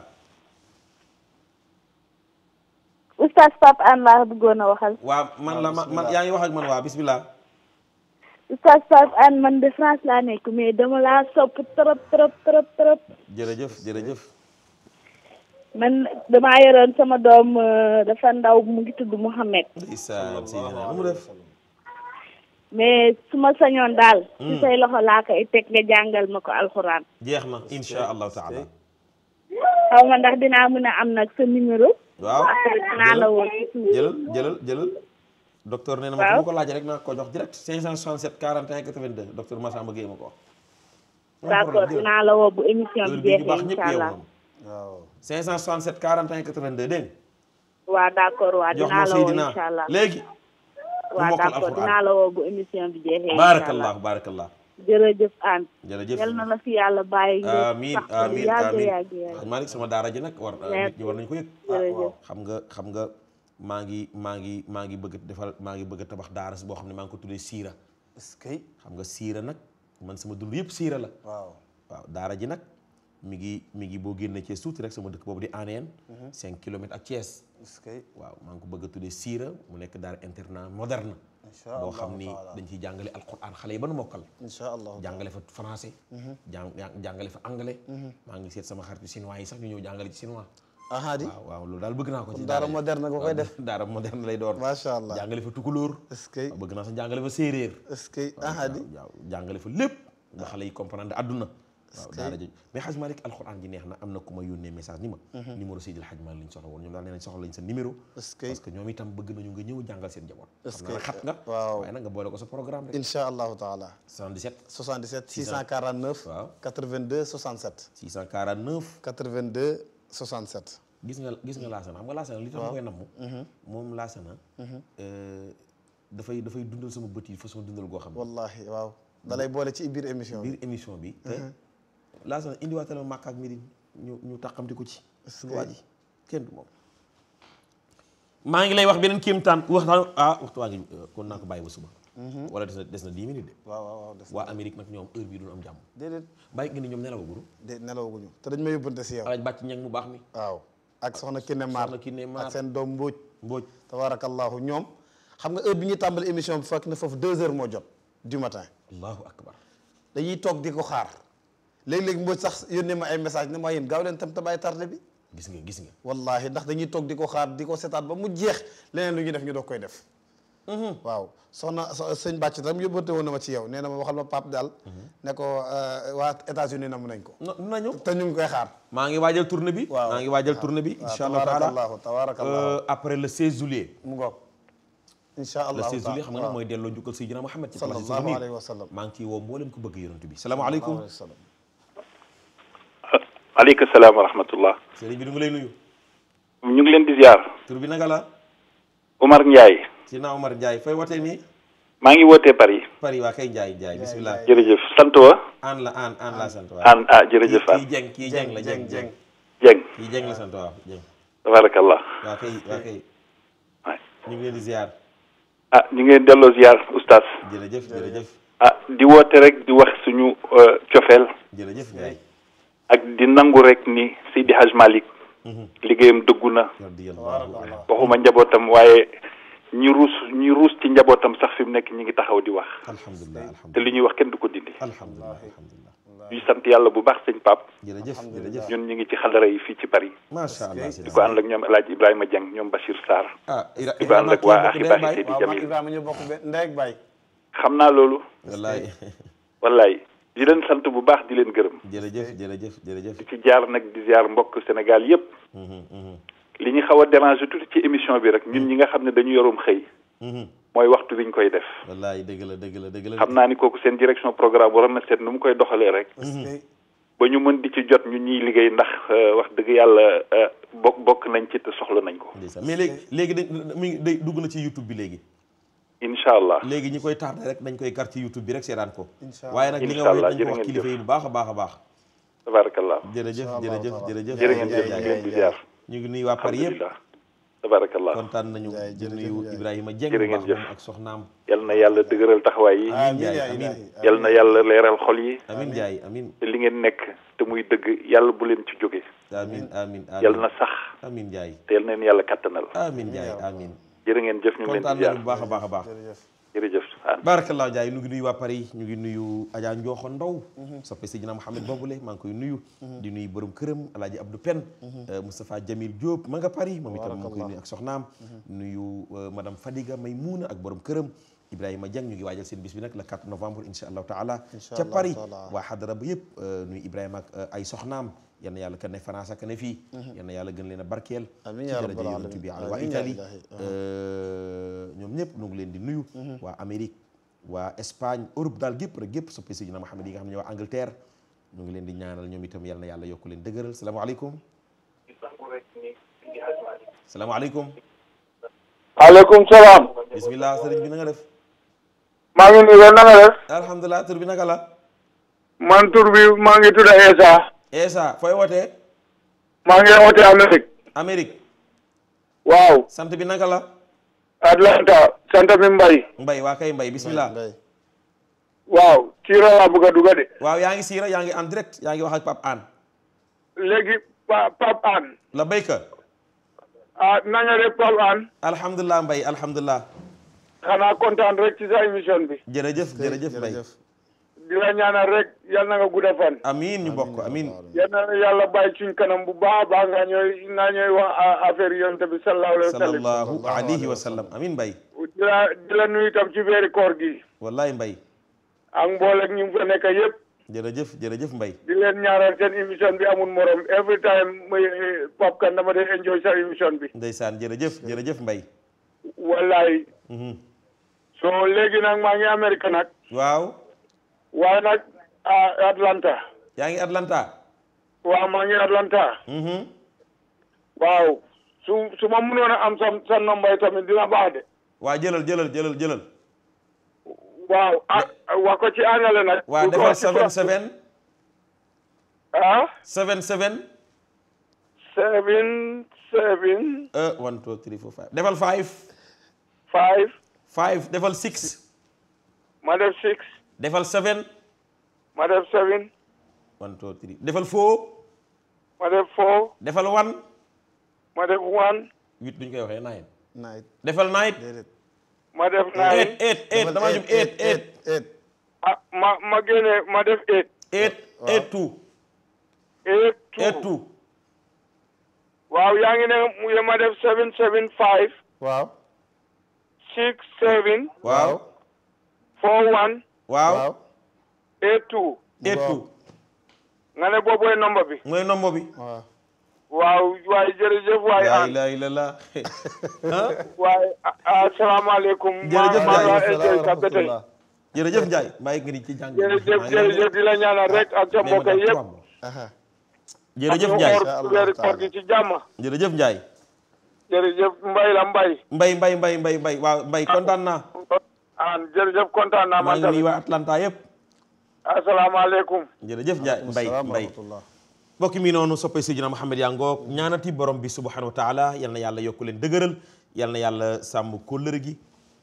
D: oustaz Pape Hann laa bëggoon a waxal.
B: waaw man la man yaa ngi wax ak man waa bismillah.
D: oustaz Pape Hann man de France laa nekk mais dama laa sopp trop trop trop trop.
B: jërëjëf jërëjëf.
D: man damaa yoroon sama doom euh, dafa ndaw mu ngi tudd Mouhamed. mais su ma sañoon daal. ci hmm. say loxo laa koy teg nga jàngal ma ko alxuraan.
B: jeex na incha allahu taala.
D: xaw ma ndax dinaa mën a am nag sa numéro. jëlal
B: jëlal jëlal. docteur nee na ma ko laaj rek naa ko jox direct 567 41 82 docteur Massamba Gueye ma ko wax.
D: d'accord dinaa la woo bu émission bi jeexee incha allah 567 41 82 dégg nga. waaw d' accord waaw dinaa la woo incha léegi.
B: waaw d' accord la
D: woo bu émission bi jeexee. incha allah baarakallah baarakallah. jërëjëf an jërëjëf na la fi bàyyi. amiin
B: amiin sama daara nag war ah, nit ñi war ko yëg. Ah, waaw xam nga xam nga maa ngi maa ngi maa ngi bëgg defal maa ngi bëgg tabax daara boo xam ne maa ngi ko tuddee siira. est-ce que xam nga siira nag man sama dund yëpp siira la. waaw daara ji nag. mi ngi mi ngi boo génnee Thiès tuuti rek sama dëkk boobu di Anéen. 5 mhm. kilomètres ak Thiès. waaw maa ngi ko bëgg a tuddee Siira mu nekk daara internat moderne.
D: boo xam ni dañ
B: ciy jàngale alquran xale ba nu mokkal. incha allah jàngale fa français. Mhm. jàng jàngale fa anglais. Mhm. maa ngi seet sama xaritu chinois yi sax ñu ñëw jàngale ci chinois. ahadi waaw waaw loolu daal bëgg naa ko ci daara moderne nga koy def daara moderne lay door macha allah jàngale fa tukulóor est-ce que bëgg naa sax jàngale fa séeréer jàngale fa lépp xale yi comprendre adduna waaw daara ji mais Hadj Malick alxuraan ji neex na am na ku ma yónnee message ni ma mhm. numéro Seydil Hadj Malick lañ soxla woon ñoom daal nee nañ soxla lañ sa numéro parce que ñoom itam bëgg nañu nga ñëw jàngal seen jaboot
C: xam nga laasana
B: li tax ma namm mhm. moom laasana mhm. euh, dafay dafay dundal sama bët yi façon dundal goo xam ne waaw da boole ci biir émission bi laa sax indiwaatale ma màkk ak Medina ñu ñu tàqamti ci. suñu waa ji kenn du moom. maa ngi lay wax beneen kéemtaan waxtaan ah waxtu waa ngi euh, kon naa ko bàyyi ba suba. Mhm. wala des na na dix minutes de. waaw waaw des na waa Amérique nag ñoom heure bii duñu am jàmm. déedéet bàyyi nga ni ñoom nelawaguñu.
C: de nelawaguñu te dañ ma yóbbante si yow. alaaj bàcc ñeeg mu baax mi. waaw ak soxna Kiné Maar soxna Kiné Maar ak seen doom Mbóoj. Mbóoj tabaarakallaahu ñoom. xam nga heure bi ñuy tàmbali émission bi fekk na foofu deux heures moo jot du matin. allahu akbar dañuy toog di ko xaar léeg-léeg moo sax yónnee ma ay message ne ma yéen gaaw leen tam te bàyyi tardé bi gis nga gis nga wallahi ndax dañuy toog di ko xaar di ko seetaat ba mu jeex leneen lu ñuy def ñu doog koy def mhm. waaw soxna sëñ bàcc tam yóbbante woon na ma ci yow nee na ma waxal ma Pape daal mhm. ne ko euh, waa ko nañu te ñu ngi koy xaar
B: maa ngi waajal tournée bi waaw maa ngi waajal tournée bi incha allah tabaarakallah
C: tabaarakallah euh,
B: après le 16 juillet mu
C: ngoog incha allah le 16 juillet xam nga nag
B: mooy delloo njukkal Seydina Muhammad sallallahu maa ngi ciy woo mboolem ku bëgg yonent
G: aleykum salaam wa rahmatullah. sëriñ bi du ngi lay nuyu. ñu ngi leen di ziar. tur bi naka la. Omar Ndiaye.
B: ci naa Omar Ndiaye fay maa ngi wootee Paris. Paris waa kay Ndiaye Ndiaye jërëjëf sant wa. sant wa. Ah, jërëjëf an ah. kii Dieng kii la Dieng Dieng.
G: Dieng kii Dieng la
B: sant waaw tabarakallah. waa kay
G: waa kay. ñu ngi leen di ziar. ah ñu ngi leen delloo ziar oustaz. jërëjëf jërëjëf. Ah, di woote rek di wax suñu euh, cofeel. jërëjëf ak di nangu rek ni Seydi Hadj malik mhm. liggéeyam dëggu na waxuma njabootam waaye ñi ruus ñi ruus ci njabootam sax fi mu nekk ñi ngi taxaw di wax alhamdulilah te li ñuy wax kenn du ko dindi ñu sant yàlla bu baax sëñ pap jërëjëf jërëjëf ñu ngi ci xadara yi fii ci Paris macha ko ànd ak ñoom El Hadj Ibrahima Dieng ñoom Bachir Sarr ah di ko ànd ak waa axi baaxi Seydi Jamil
C: Ibrahima
G: xam naa loolu wallaay wallaay di leen sant bu baax di leen gërëm. jërëjëf jërëjëf jërëjëf. di ci jaar nag di ziar mbokk Sénégal yépp mhm, mhm. li ñu xaw a déranger tuuti ci émission bi rek ñun ñi nga xam ne dañu yorum xëy. Mhm. mooy waxtu bi ñu koy def.
C: yi dëgg la dëgg
G: la dëgg la. xam naa ni kooku seen direction programme waroon na seet nu mu koy doxalee rek. ba ñu mën di ci jot ñun ñuy liggéey ndax euh, wax dëgg yàlla euh, bokk bokk nañ ci te soxla nañ ko. mais
B: léegi léegi dugg na ci YouTube bi léegi. incha allah léegi ñi koy tardé rek nañ koy gar ci youtube bi rek seetaan ko waaye nag li nga wax nañ ko wax kilifa yi bu baax a baax a baax tabarakallah
G: jërëjëf jërëjëf jërëjëf jërë ngeen jëf ñu ngi leen di ziar
B: ñu ngi nuyu waa Paris yëpp tabarakallah kontaan nañu di nuyu Ibrahima Dieng jërë ngeen jëf ak soxnaam
G: yal na yàlla dëgëral taxawaay yi amin amin yal na yàlla leeral xol yi amin jaay amin li ngeen nekk te muy dëgg yàlla bu leen ci jóge amin amin yal na sax
B: amin jaay te yal
G: na yàlla kattanal
B: amin jaay amin
G: jërë ngeen jëf ñu ngi leen baax jaar kontaan bu baax a baax a baax jërëjëf
B: barakallah jaay ñu ngi nuyu waa Paris ñu ngi nuyu Adja Njooxo Ndaw mhm. soppe Sidina mhm. maa ngi koy nuyu mhm. di nuyu borom këram Alaaji Abdou Pen euh, Moustapha Jamil ma nga moom itam ma ngi koy nuyu ak soxnaam nuyu euh, madame Fadiga Maymouna ak borom këram Ibrahima Dieng ñu ngi waajal seen bis bi nag le 4 novembre incha allahu taala ca Paris waa xadara bu yëpp euh, nuyu Ibrahima ak ay yal na yàlla ka ne France ak ka ne fii yal na yàlla gën leen a barkeel ci daraja yonent bi waa Italie ñoom ñëpp nu ngi leen di nuyu mhm. waa Amérique waa Espagne Europe daal gépp rek gépp soppe Seydina Muhammad yi nga xam ne waa Angleterre ñu ngi leen di ñaanal ñoom itam yal na yàlla yokk leen dëgëral salaamaaleykum salaamaaleykum aleykum salaam bismillah sëriñ bi na nga def maa ngi nii na nga def alhamdulilah tur bi naka la man tur bi Essa fooy wootee. maa ngi wootee Amérique. Amérique. waaw. sant bi naka la. Atlanta sant bi mbay Mbaye waa kay bismillah. waaw siira laa bëgg a de. waaw yaa ngi siira yaa ngi en direct yaa ngi wax ak Pape Hann.
A: léegi pa Pape Hann. la béykat. ah na nga def Pape Hann.
B: alhamdulilah Mbaye alhamdulilah.
A: xanaa kontaan rek ci sa émission bi.
B: jërëjëf jërëjëf Mbaye
A: di la ñaanal rek yal na nga gudda fan. amiin ñu bokk amiin. yal na yàlla bàyyi suñ kanam bu baax a baax nga ñooy naa ñooy wax affaire yonent bi sallallahu alayhi wa sallam.
B: sallallahu alayhi
A: di la di la nuyu itam ci weeri koor gi. wallahi Mbaye. ak mbooleeg ñu fa nekk yëpp.
B: jërëjëf jërëjëf Mbaye.
A: di leen ñaanal seen émission bi amul morom every time muy Pape Kane dama dee enjoy sa émission bi.
B: ndeysaan saan jërëjëf Mbaye.
A: wallahi. Mhm. so léegi nag maa ngi Amérique nag. waaw. waaye nag Atlanta. yaa ngi Atlanta. waaw maa ngi Atlanta. Mm-hmm. waaw su su ma mënoon a am sa sa nombre tamit dina baax de.
B: waaw jëlal jëlal jëlal jëlal.
A: waaw wax ko ci angale nag. waaw defal seven seven. seven seven. seven
B: one two three four five defal five. five. five defal six. ma def six. defal seven ma def seven one two three defal four ma four defal one ma def one huit duñ koy waxee nine defal nine
A: ma eight eight eight dama jub eight eight eight two eight two eight two waaw yaa ngi ne ma def seven seven five waaw six seven waaw four one waaw etu etu nga ne boobu mooy
C: nomba bi mooy nomba bi
A: waaw waaw waaye jërëjëf waaye la
C: ilaha illallah
A: waaye asalaamaaleykum jërëjëf
B: Ndiaye ka ni ci jàng jërëjëf jërëjëf di la ñaanal ci jàmm jërëjëf Ndiaye
A: jërëjëf la Mbaye
B: Mbaye Mbaye Mbaye Mbaye Mbaye waaw Mbaye kontaan
A: ah jërëjëf kontaan naa. maa ngi nuyu
B: waa Atlanta yëpp.
A: asalaamaaleykum.
B: jërëjëf Ndiaye Mbaye Mbaye. mbokk mi noonu soppay Seydina Mouhamed yaa ngoog ñaanati borom bi subhanahu wa taala yal na yàlla yokku leen dëgëral yal na yàlla sàmm kóllëre gi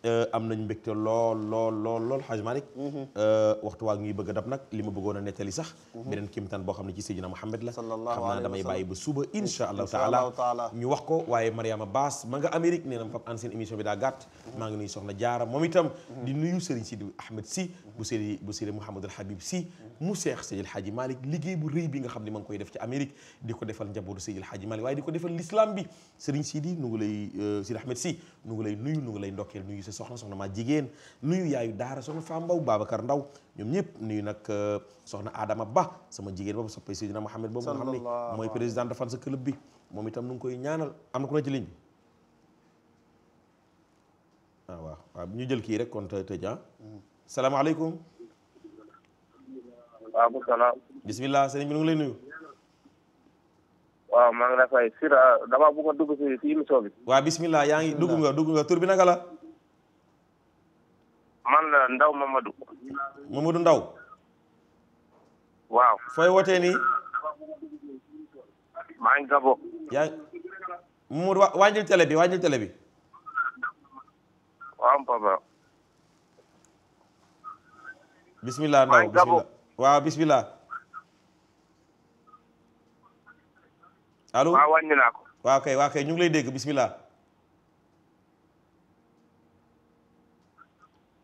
B: Euh, am nañ mbégte lool lool lool lool Xaaj Malick mhm. euh, waxtu waa ngi bëgg a dab nag li ma bëggoon a nettali sax mhm. beneen kimtaan boo xam ne ci Seydina Muhammad la xam naa damay bàyyi ba suba insha allahu taala ñu wax ko waaye Mariama Baas ma nga Amérique nee na fab an seen bi daa gàtt mhm. maa ngi nuyu soxna moom itam di nuyu Serigne Sidi si bu Seydi bu Seydi Mouhamadul Habib si mu seex Seydil Xaaji Malick liggéey bu rëy bi nga xam ne ma ngi koy def ci Amérique di ko defal njabootu Seydil Xaaji Malick waaye di ko defal l'islam bi Serigne Sidi nu ngi lay euh, nu ngi lay nuyu nu ngi lay ndokkeel nuyu soxna soxna ma jigéen nuyu yaayu daara soxna Fa Mbaw Babacar Ndaw ñoom ñëpp nuyu nag euh, soxna Adama Ba sama jigéen boobu soppay Seydina Mohamed boobu nga xam ne mooy président de fan sa bi moom itam nu ngi koy ñaanal am na ku ne ci bi ah, ñu jël kii rek kon te tëj ah mm. salaamaaleykum
E: waaw salaam
B: bismillah sëriñ ngi lay nuyu
E: waaw maa ngi lay fay Sira
B: waaw bismillah yaa ngi dugg nga dugg nga tur bi
E: man la Ndaw Mamadou. Mamadou Ndaw. waaw. fooy wootee maa ngi Gabon. yaa
B: Mamadou wa wàññil télé bi wàññil télé bi. waaw papa. bismillah Ndaw bismillah waaw bismillah. allo waaw wàññi naa ko. waaw kay waaw kay lay dégg bismillah.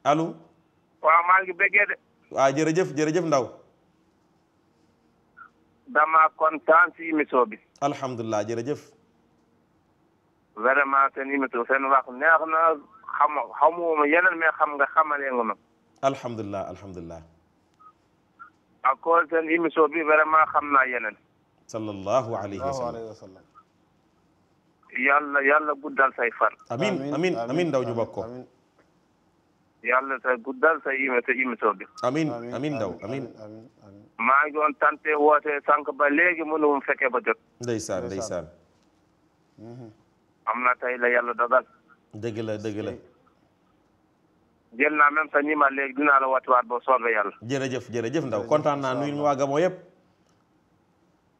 B: allo.
E: waaw maa ngi bëggee de.
B: waaw jërëjëf jërëjëf Ndaw.
E: dama kontaan si émission bi.
B: alhamdulilah jërëjëf.
E: vraiment seen émission seen wax neex na xam xam nga xamalee nga ma.
B: alhamdulilah alhamdulilah.
E: encore seen émission bi vraiment xam naa yeneen.
B: sallallahu alayhi wa
E: sallam. yàlla yàlla guddal
B: Ndaw ñu
E: yàlla sa guddal sa imi sa émission bi.
B: amin amin daw amin
E: maa ngi doon tante woote sànq ba léegi mënu mu fekkee ba jot.
B: ndeysaan ndeysaan.
E: am na tey la yàlla dogal. dëgg la dëgg la. jël naa même sa numéro léegi dinaa la watiwaat boo soobee yàlla.
B: jërëjëf jërëjëf ndaw kontaan naa nuyu waa Gabon yëpp.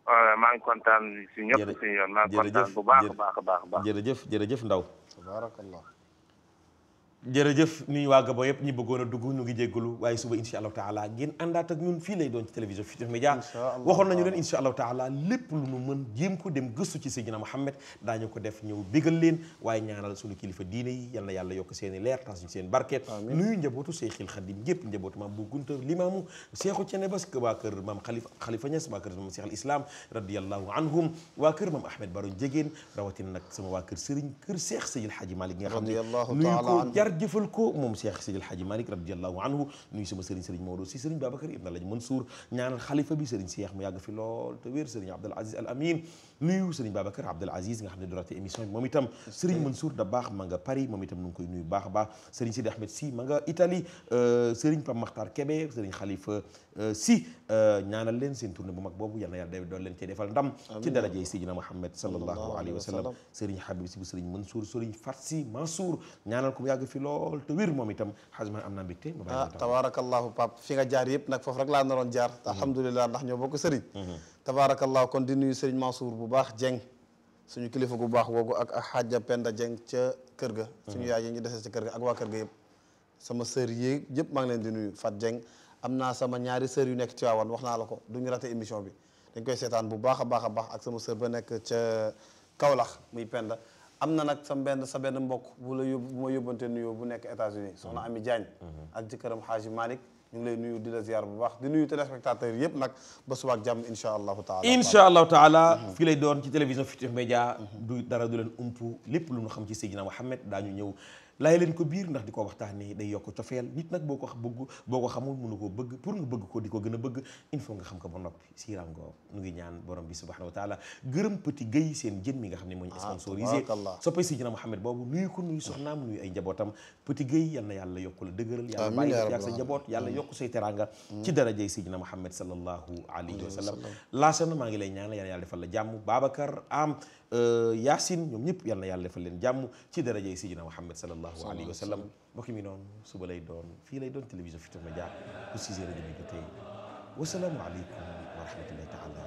E: waaw maa ngi kontaan si ñëpp si yoon. maa ngi bu baax a baax a baax.
B: jërëjëf jërëjëf ndaw. jërëjëf nuyu waa Gabon yëpp ñi bëggoon a dugg ñu ngi jéggalu waaye suba insha allahu taala ngeen àndaat ak ñun fii lay doon ci télévision Futurs Médias waxoon nañu leen insha allahu taala lépp lu nu mën jéem ko dem gëstu ci Seydina Muhammad daañu ko def ñëw bégal leen waaye ñaanal suñu kilifa diine yi yal na yàlla yokk seen i leer tas ñu seen barket nuyu njabootu Seyxil Xadim yëpp njabootu maam bu gunta limaamu Seexu Cene Bas waa kër maam Xalifa Ñas waa kër maam Seex al Islam anhum waa jar jëfal ko moom Cheikh Sidil Hadji Malick radiallahu anhu nuyu sama sëriñ sëriñ Maodo si sëriñ Babacar Ibn Alhaji Mansour ñaanal xalifa bi sëriñ Cheikh mu yàgg fi lool te wér sëriñ Abdul Aziz Al Amin nuyu sëriñ Babacar Abdel nga xam ne doorate émission moom itam sëriñ Mansour da baax ma nga Paris moom itam nu ngi koy nuyu baax a baax sëriñ Sidi Ahmed si ma nga Italie euh, sëriñ Pam Makhtar Kébé sëriñ Khalifa euh, si euh, ñaanal leen seen tournée bu mag boobu yal na yàlla doon leen cee defal ndam ci darajey Seydina Mouhamed sallallahu alayhi wa sallam sëriñ Habib si bu sëriñ Mansour sëriñ Fat si Mansour ñaanal ko mu yàgg fi lool te wér moom itam xajma am naa mbégte ma bàyyi ah,
C: tabaarakallahu Pape fi yëpp nag foofu rek laa naroon jaar mhm. alhamdulilah ndax ñoo bokk sëriñ tabaarakallaa kon di nuyu sëriñ Mansour bu baax Dieng suñu kilifa gu baax woogu ak ak xaaja Penda Dieng ca kër ga hmm. suñu yaay yi ñu desee ca kër ga ak waa kër ga yëpp sama sër yi yëpp maa ngi leen di nuyu Fat Dieng am naa sama ñaari sër yu nekk Tivaouane wax naa la ko duñu rate émission bi dañ koy seetaan bu baax a baax a baax ak sama sër ba nekk ca Kaolack muy Penda am na nag sa benn sa benn mbokk bu la yóbbu bu ma yóbbante nuyoo bu nekk États-Unis na Ami Diagne hmm. ak jëkkëram Xaaji Malick ñu ngi lay nuyu di la ziar bu baax di nuyu téléspectateurs yëpp nag ba suba ak jàmm incha allahu taala incha
B: allahu taala mm-hmm. fii lay doon ci télévision Futurs Médias du dara du leen umpu lépp lu ñu xam ci Seydina Mouhamed daañu ñëw laay leen ko biir ndax di ko waxtaanee day yokk cofeel nit nag boo ko bëgg boo koo bëgg pour nga bëgg ko di ko gën a bëgg il faut nga xam ko ba noppi siiram ngoo nu ngi ñaan borom bi subhanahu wa taala nga xam ne moo ñu ah, sponsorisé soppay Seydina Mouhamed boobu nuyu ko nuyu soxnaam nuyu ay njabootam petit gay yal na yàlla yokku la dëgëral yàlla bàyyi ak sa njaboot yàlla yokku say teranga mm. ci darajay Seydina Mouhamed sallallahu alayhi wa sallam laasana maa ngi lay ñaanal yàlla yàlla defal la jàmm Babacar am Euh, Yaasin ñoom ñëpp yal na yàlla defal leen jàmm ci darajay Sidina Muhammad sallallahu alayhi wa sallam mbokk mi noonu suba lay doon fii lay doon télévision Futurs Médias bu 6 heures et demie jotee wasalaamu aleykum wa rahmatullahi taala